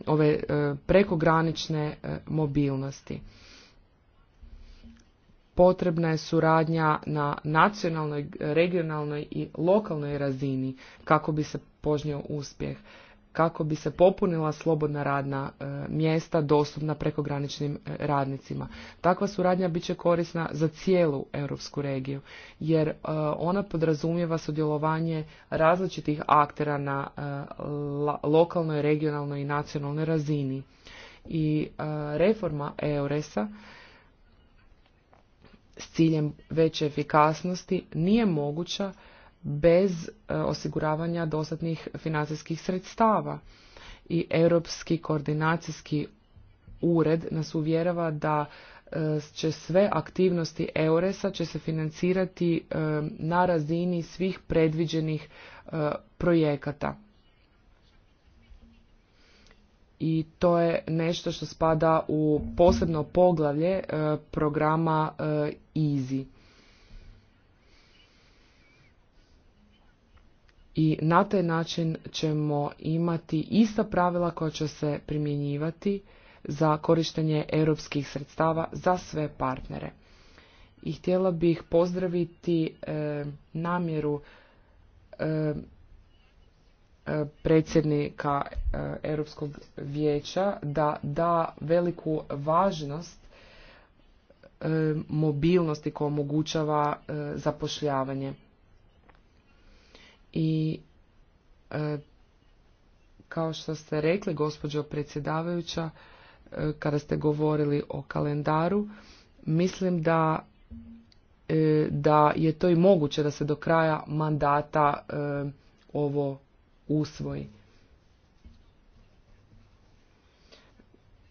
[SPEAKER 1] ove e, prekogranične e, mobilnosti. Potrebna je suradnja na nacionalnoj, regionalnoj i lokalnoj razini kako bi se požnio uspjeh kako bi se popunila slobodna radna e, mjesta dostupna prekograničnim e, radnicima. Takva suradnja bit će korisna za cijelu europsku regiju jer e, ona podrazumijeva sudjelovanje različitih aktera na lokalnoj, regionalnoj i nacionalnoj razini. I reforma EURES-a s ciljem veće efikasnosti nije moguća bez e, osiguravanja dostatnih financijskih sredstava. I Europski koordinacijski ured nas uvjerava da e, će sve aktivnosti Euresa će se financirati e, na razini svih predviđenih projekata. I to je nešto što spada u posebno poglavlje programa EASY. i na taj način ćemo imati ista pravila koja će se primjenjivati za korištenje europskih sredstava za sve partnere. I htjela bih pozdraviti e, namjeru e, e, predsjednika Europskog vijeća da da veliku važnost mobilnosti koja omogućava zapošljavanje i e, kao što ste rekli, gospođo predsjedavajuća, e, kada ste govorili o kalendaru, mislim da, e, da je to i moguće da se do kraja mandata ovo usvoji.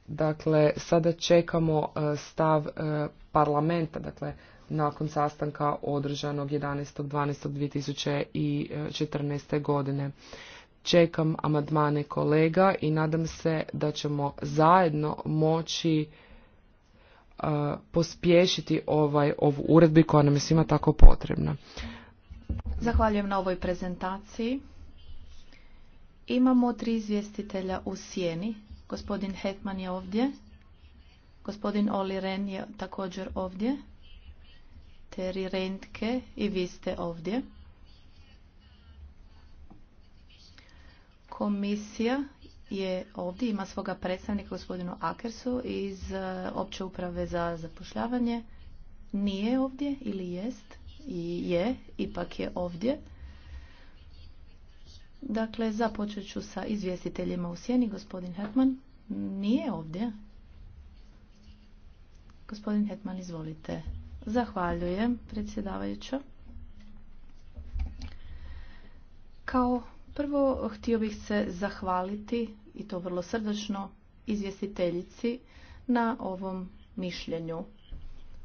[SPEAKER 1] Dakle, sada čekamo stav parlamenta, dakle, nakon sastanka održanog 11.12.2014. godine. Čekam amadmane kolega i nadam se da ćemo zajedno moći e, pospješiti ovaj, ovu uredbi koja nam je svima tako potrebna.
[SPEAKER 2] Zahvaljujem na ovoj prezentaciji. Imamo tri izvjestitelja u sjeni. Gospodin Hetman je ovdje. Gospodin Oli Ren je također ovdje. Teri Rentke i vi ste ovdje. Komisija je ovdje, ima svoga predstavnika gospodinu Akersu iz e, opće uprave za zapošljavanje. Nije ovdje ili jest? I je, ipak je ovdje. Dakle, započet ću sa izvjestiteljima u sjeni. Gospodin Hetman nije ovdje. Gospodin Hetman, izvolite. Zahvaljujem, predsjedavajuća. Kao prvo htio bih se zahvaliti, i to vrlo srdačno, izvjestiteljici na ovom mišljenju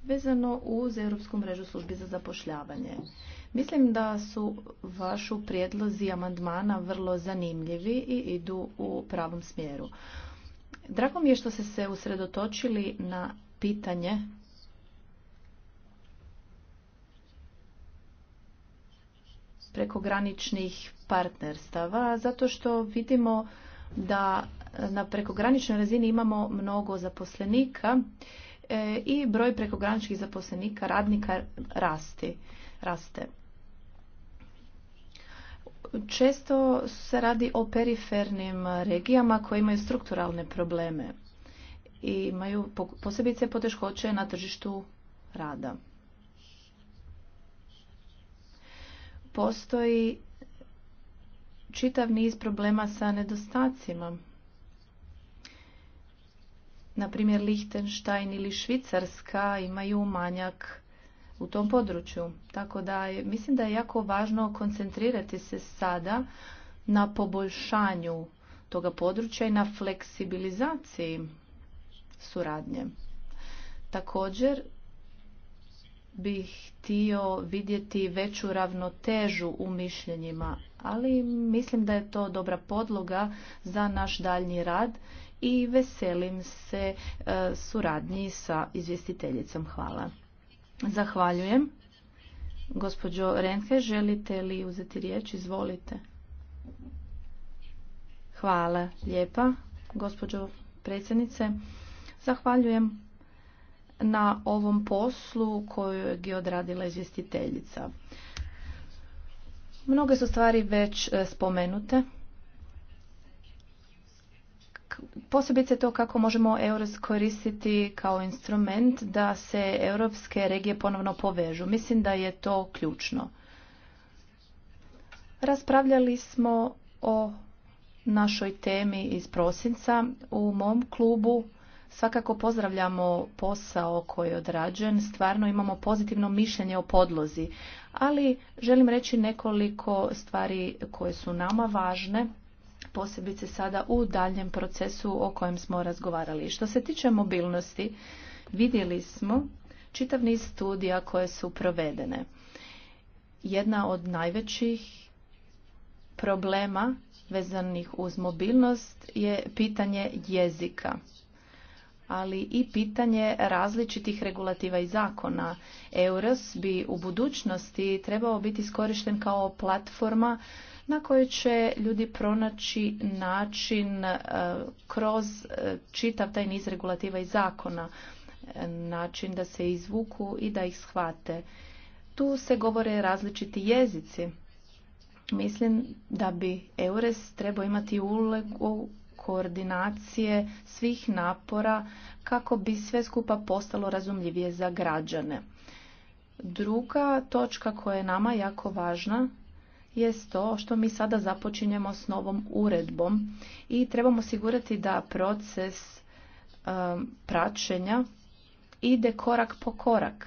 [SPEAKER 2] vezano uz Europsku mrežu službi za zapošljavanje. Mislim da su vašu prijedlozi amandmana vrlo zanimljivi i idu u pravom smjeru. Drago mi je što ste se usredotočili na pitanje prekograničnih partnerstava zato što vidimo da e, na prekograničnoj razini imamo mnogo zaposlenika e, i broj prekograničnih zaposlenika radnika rasti, raste. Često se radi o perifernim regijama koje imaju strukturalne probleme i imaju posebice poteškoće na tržištu rada. postoji čitav niz problema sa nedostacima. Naprimjer, Lichtenstein ili Švicarska imaju manjak u tom području. Tako da je, mislim da je jako važno koncentrirati se sada na poboljšanju toga područja i na fleksibilizaciji suradnje. Također bih htio vidjeti veću ravnotežu u mišljenjima, ali mislim da je to dobra podloga za naš daljnji rad i veselim se e, suradnji sa izvjestiteljicom. Hvala. Zahvaljujem. Gospođo Renke, želite li uzeti riječ? Izvolite. Hvala lijepa, gospođo predsjednice. Zahvaljujem na ovom poslu koju je odradila izvjestiteljica. Mnoge su stvari već e, spomenute. Posebice to kako možemo EURES koristiti kao instrument da se europske regije ponovno povežu. Mislim da je to ključno. Raspravljali smo o našoj temi iz prosinca u mom klubu Svakako pozdravljamo posao koji je odrađen, stvarno imamo pozitivno mišljenje o podlozi, ali želim reći nekoliko stvari koje su nama važne, posebice sada u daljem procesu o kojem smo razgovarali. Što se tiče mobilnosti, vidjeli smo čitav niz studija koje su provedene. Jedna od najvećih problema vezanih uz mobilnost je pitanje jezika ali i pitanje različitih regulativa i zakona. EURES bi u budućnosti trebao biti iskorišten kao platforma na kojoj će ljudi pronaći način e, kroz e, čitav taj niz regulativa i zakona, e, način da se izvuku i da ih shvate. Tu se govore različiti jezici. Mislim da bi EURES trebao imati ulogu koordinacije svih napora kako bi sve skupa postalo razumljivije za građane. Druga točka koja je nama jako važna je to što mi sada započinjemo s novom uredbom i trebamo osigurati da proces um, praćenja ide korak po korak.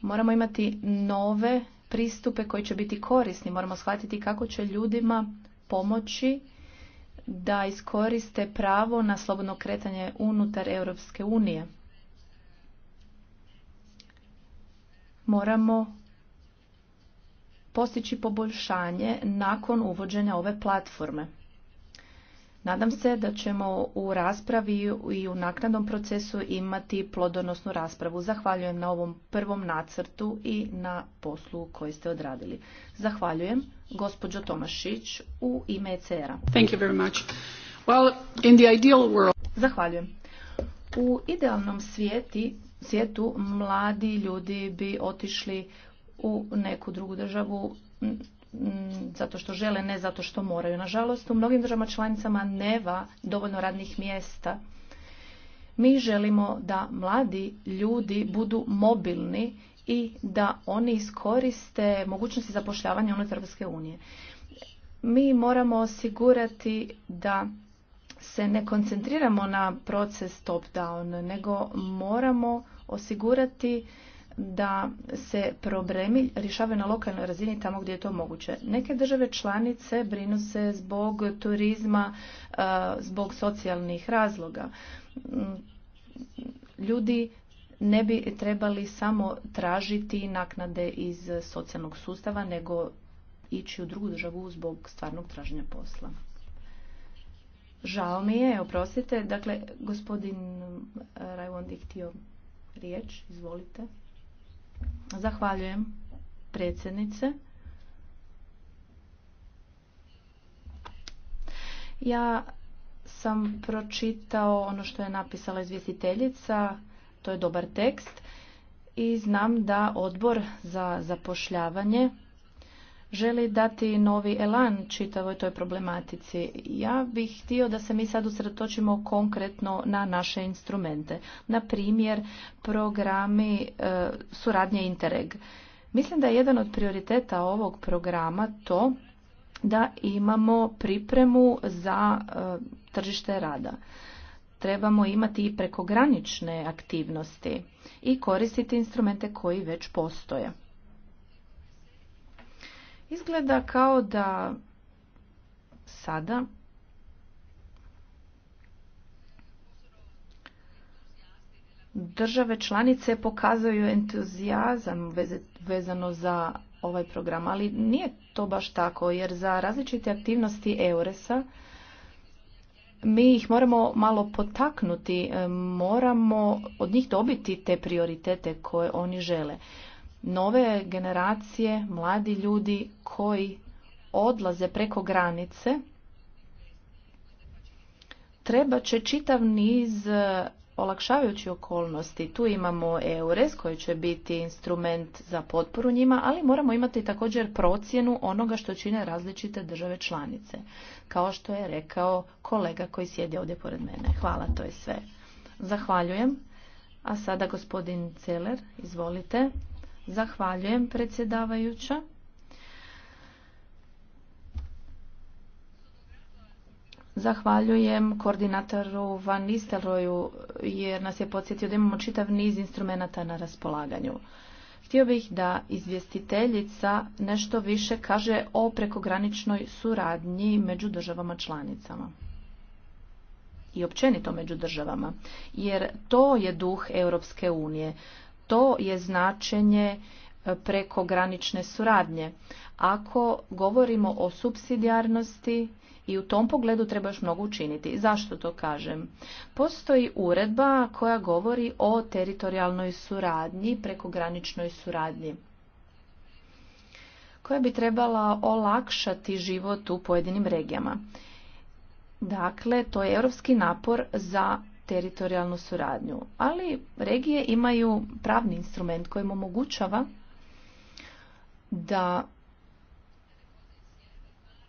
[SPEAKER 2] Moramo imati nove pristupe koji će biti korisni. Moramo shvatiti kako će ljudima pomoći da iskoriste pravo na slobodno kretanje unutar Europske unije. Moramo postići poboljšanje nakon uvođenja ove platforme. Nadam se da ćemo u raspravi i u naknadnom procesu imati plodonosnu raspravu. Zahvaljujem na ovom prvom nacrtu i na poslu koji ste odradili. Zahvaljujem gospođo Tomašić u ime ECR-a. Zahvaljujem. U idealnom svijetu mladi ljudi bi otišli u neku drugu državu Mm, zato što žele, ne zato što moraju. Nažalost, u mnogim državama članicama neva dovoljno radnih mjesta. Mi želimo da mladi ljudi budu mobilni i da oni iskoriste mogućnosti zapošljavanja unutar Europske unije. Mi moramo osigurati da se ne koncentriramo na proces top down, nego moramo osigurati da se problemi rješavaju na lokalnoj razini tamo gdje je to moguće. Neke države članice brinu se zbog turizma, e, zbog socijalnih razloga. Mm, ljudi ne bi trebali samo tražiti naknade iz socijalnog sustava, nego ići u drugu državu zbog stvarnog traženja posla. Žao mi je, oprostite, dakle, gospodin Rajvondi htio riječ, izvolite. Zahvaljujem predsjednice. Ja sam pročitao ono što je napisala izvjestiteljica, to je dobar tekst i znam da odbor za zapošljavanje želi dati novi elan čitavoj toj problematici. Ja bih htio da se mi sad usredotočimo konkretno na naše instrumente. Na primjer, programi e, suradnje Interreg. Mislim da je jedan od prioriteta ovog programa to da imamo pripremu za e, tržište rada trebamo imati i prekogranične aktivnosti i koristiti instrumente koji već postoje. Izgleda kao da sada države članice pokazuju entuzijazam vezano za ovaj program, ali nije to baš tako, jer za različite aktivnosti EURES-a mi ih moramo malo potaknuti, e, moramo od njih dobiti te prioritete koje oni žele nove generacije, mladi ljudi koji odlaze preko granice, treba će čitav niz e, olakšavajući okolnosti. Tu imamo EURES koji će biti instrument za potporu njima, ali moramo imati također procjenu onoga što čine različite države članice. Kao što je rekao kolega koji sjedi ovdje pored mene. Hvala, to je sve. Zahvaljujem. A sada gospodin Celer, izvolite. Zahvaljujem predsjedavajuća. Zahvaljujem koordinatoru Van Nistelroju jer nas je podsjetio da imamo čitav niz instrumenta na raspolaganju. Htio bih da izvjestiteljica nešto više kaže o prekograničnoj suradnji među državama članicama i općenito među državama, jer to je duh Europske unije to je značenje e, prekogranične suradnje. Ako govorimo o subsidijarnosti i u tom pogledu treba još mnogo učiniti. Zašto to kažem? Postoji uredba koja govori o teritorijalnoj suradnji, prekograničnoj suradnji koja bi trebala olakšati život u pojedinim regijama. Dakle, to je europski napor za teritorijalnu suradnju, ali regije imaju pravni instrument kojim omogućava da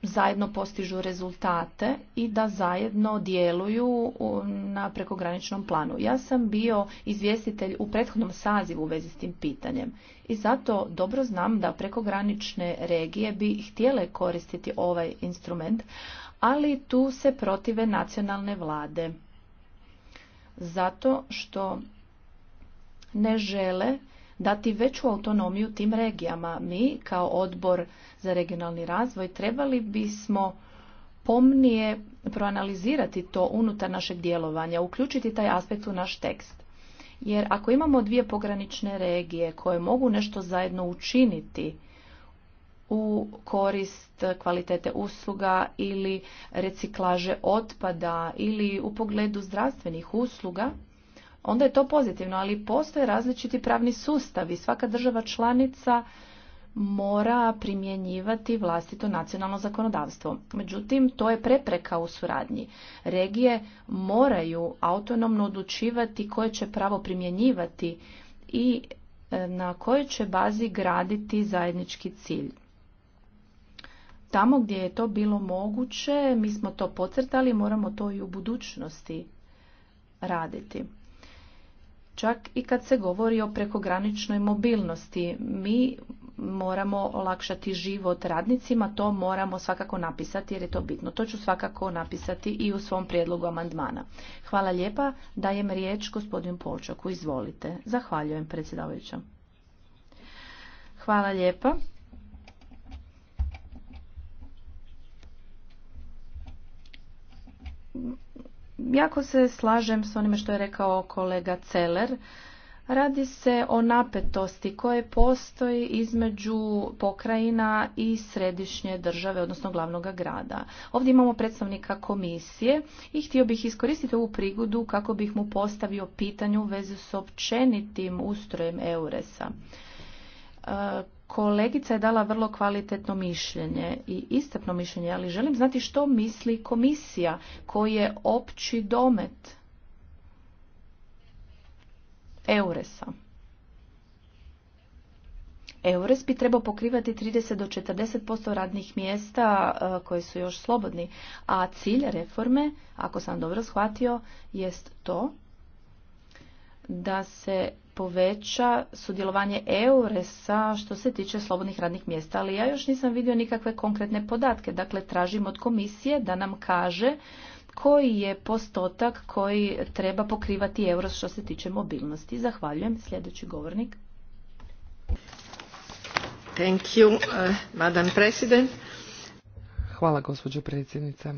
[SPEAKER 2] zajedno postižu rezultate i da zajedno djeluju na prekograničnom planu. Ja sam bio izvjestitelj u prethodnom sazivu u vezi s tim pitanjem i zato dobro znam da prekogranične regije bi htjele koristiti ovaj instrument, ali tu se protive nacionalne vlade zato što ne žele dati veću autonomiju tim regijama. Mi kao odbor za regionalni razvoj trebali bismo pomnije proanalizirati to unutar našeg djelovanja, uključiti taj aspekt u naš tekst. Jer ako imamo dvije pogranične regije koje mogu nešto zajedno učiniti, u korist kvalitete usluga ili reciklaže otpada ili u pogledu zdravstvenih usluga, onda je to pozitivno, ali postoje različiti pravni sustavi. Svaka država članica mora primjenjivati vlastito nacionalno zakonodavstvo. Međutim, to je prepreka u suradnji. Regije moraju autonomno odlučivati koje će pravo primjenjivati i e, na kojoj će bazi graditi zajednički cilj. Tamo gdje je to bilo moguće, mi smo to pocrtali, moramo to i u budućnosti raditi. Čak i kad se govori o prekograničnoj mobilnosti, mi moramo olakšati život radnicima, to moramo svakako napisati jer je to bitno. To ću svakako napisati i u svom prijedlogu amandmana. Hvala lijepa, dajem riječ gospodinu Polčaku, izvolite. Zahvaljujem predsjedavajuća. Hvala lijepa. jako se slažem s onime što je rekao kolega Celer. Radi se o napetosti koje postoji između pokrajina i središnje države, odnosno glavnog grada. Ovdje imamo predstavnika komisije i htio bih iskoristiti ovu prigodu kako bih mu postavio pitanje u vezi s općenitim ustrojem Euresa e, Kolegica je dala vrlo kvalitetno mišljenje i istepno mišljenje, ali želim znati što misli komisija koji je opći domet Euresa. Eures bi trebao pokrivati 30 do 40% radnih mjesta e, koji su još slobodni, a cilj reforme, ako sam dobro shvatio, jest to da se poveća sudjelovanje EURES-a što se tiče slobodnih radnih mjesta, ali ja još nisam vidio nikakve konkretne podatke. Dakle, tražim od komisije da nam kaže koji je postotak koji treba pokrivati EURES što se tiče mobilnosti. Zahvaljujem. Sljedeći govornik.
[SPEAKER 1] Thank you, uh, Madam President. Hvala, gospođo predsjednice.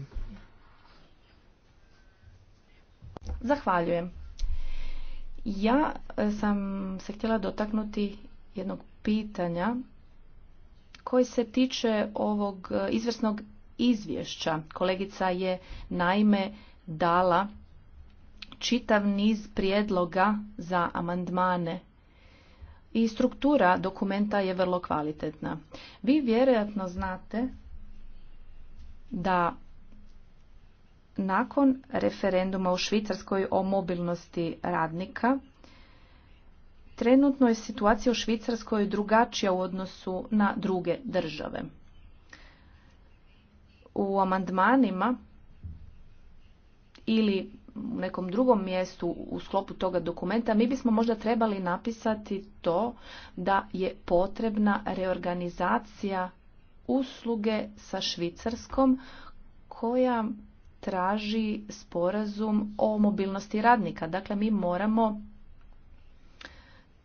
[SPEAKER 2] Zahvaljujem. Ja e, sam se htjela dotaknuti jednog pitanja koji se tiče ovog e, izvrsnog izvješća. Kolegica je naime dala čitav niz prijedloga za amandmane i struktura dokumenta je vrlo kvalitetna. Vi vjerojatno znate da nakon referenduma u Švicarskoj o mobilnosti radnika, trenutno je situacija u Švicarskoj drugačija u odnosu na druge države. U amandmanima ili u nekom drugom mjestu u sklopu toga dokumenta mi bismo možda trebali napisati to da je potrebna reorganizacija usluge sa Švicarskom koja traži sporazum o mobilnosti radnika. Dakle, mi moramo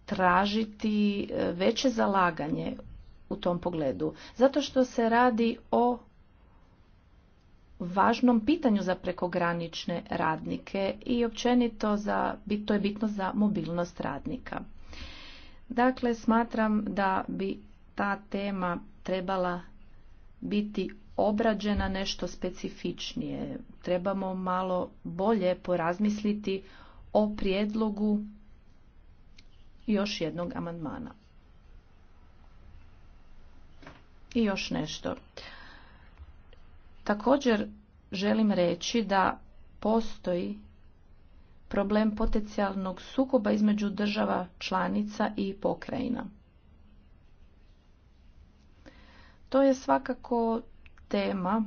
[SPEAKER 2] tražiti e, veće zalaganje u tom pogledu. Zato što se radi o važnom pitanju za prekogranične radnike i općenito za, to je bitno za mobilnost radnika. Dakle, smatram da bi ta tema trebala biti obrađena nešto specifičnije. Trebamo malo bolje porazmisliti o prijedlogu još jednog amandmana. I još nešto. Također želim reći da postoji problem potencijalnog sukoba između država članica i pokrajina. To je svakako tema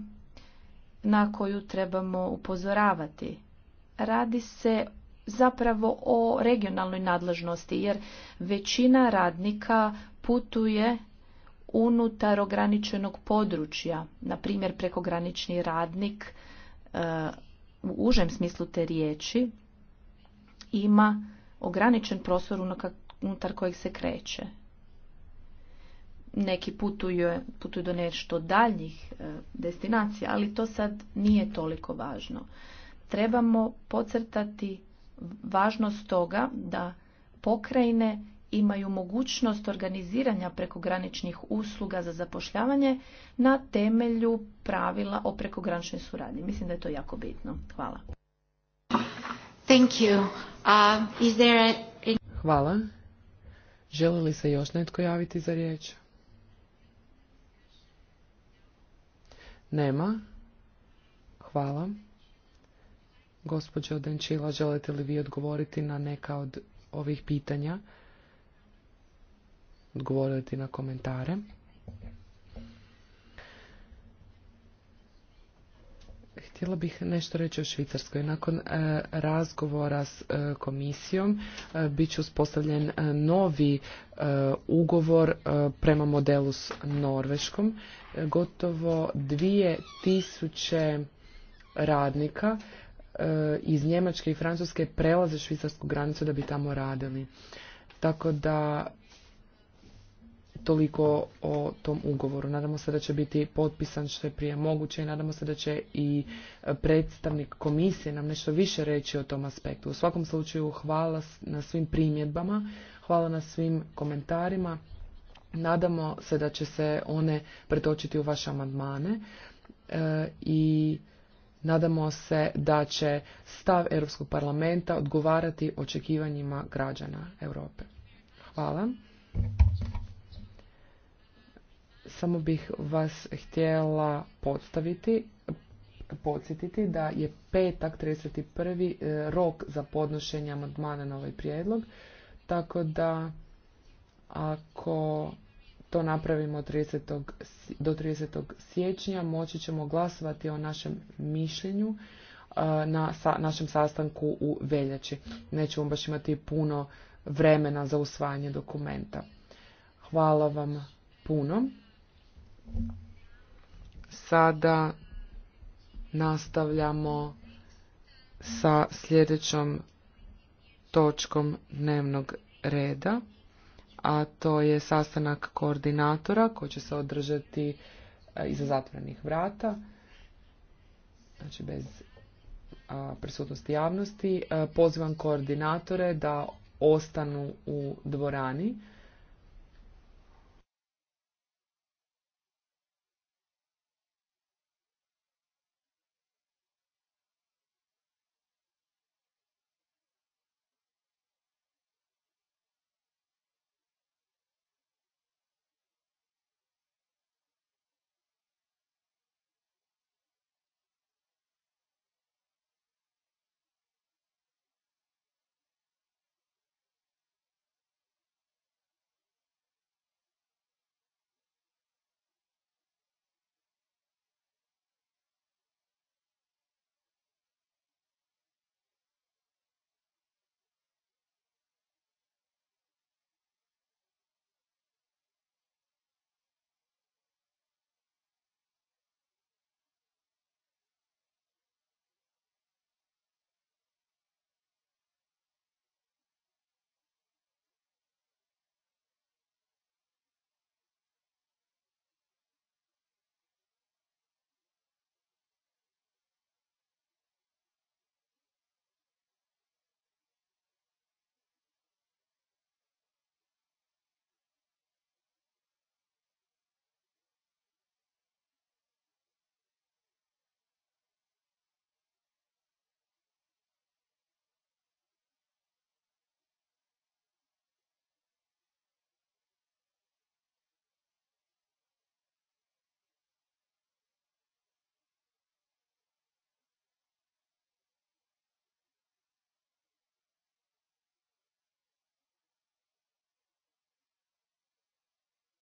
[SPEAKER 2] na koju trebamo upozoravati. Radi se zapravo o regionalnoj nadležnosti jer većina radnika putuje unutar ograničenog područja, na primjer prekogranični radnik e, u užem smislu te riječi ima ograničen prostor unutar kojeg se kreće neki putuju, putuju do nešto daljnjih e, destinacija, ali to sad nije toliko važno. Trebamo podcrtati važnost toga da pokrajine imaju mogućnost organiziranja prekograničnih usluga za zapošljavanje na temelju pravila o prekograničnoj suradnji. Mislim da je to jako bitno. Hvala.
[SPEAKER 1] Thank you. Um, is there Hvala. Želi li se još netko javiti za riječ? Nema. Hvala. Gospođo Denčila, želite li vi odgovoriti na neka od ovih pitanja? Odgovoriti na komentare? Htjela bih nešto reći o Švicarskoj. Nakon e, razgovora s e, komisijom e, bit će uspostavljen novi ugovor prema modelu s Norveškom. Gotovo dvije tisuće radnika iz Njemačke i Francuske prelaze švicarsku granicu da bi tamo radili. Tako da Toliko o tom ugovoru. Nadamo se da će biti potpisan što je prije moguće i nadamo se da će i predstavnik komisije nam nešto više reći o tom aspektu. U svakom slučaju hvala na svim primjedbama, hvala na svim komentarima. Nadamo se da će se one pretočiti u vaše amandmane e, i nadamo se da će stav Europskog parlamenta odgovarati očekivanjima građana Europe. Hvala samo bih vas htjela podstaviti, podsjetiti da je petak 31. E, rok za podnošenje amandmana na ovaj prijedlog, tako da ako to napravimo do 30. siječnja moći ćemo glasovati o našem mišljenju e, na našem sastanku u veljači. Nećemo baš imati puno vremena za usvajanje dokumenta. Hvala vam puno. Sada nastavljamo sa sljedećom točkom dnevnog reda, a to je sastanak koordinatora koji će se održati e, iza zatvorenih vrata, znači bez prisutnosti javnosti. E, pozivam koordinatore da ostanu u dvorani.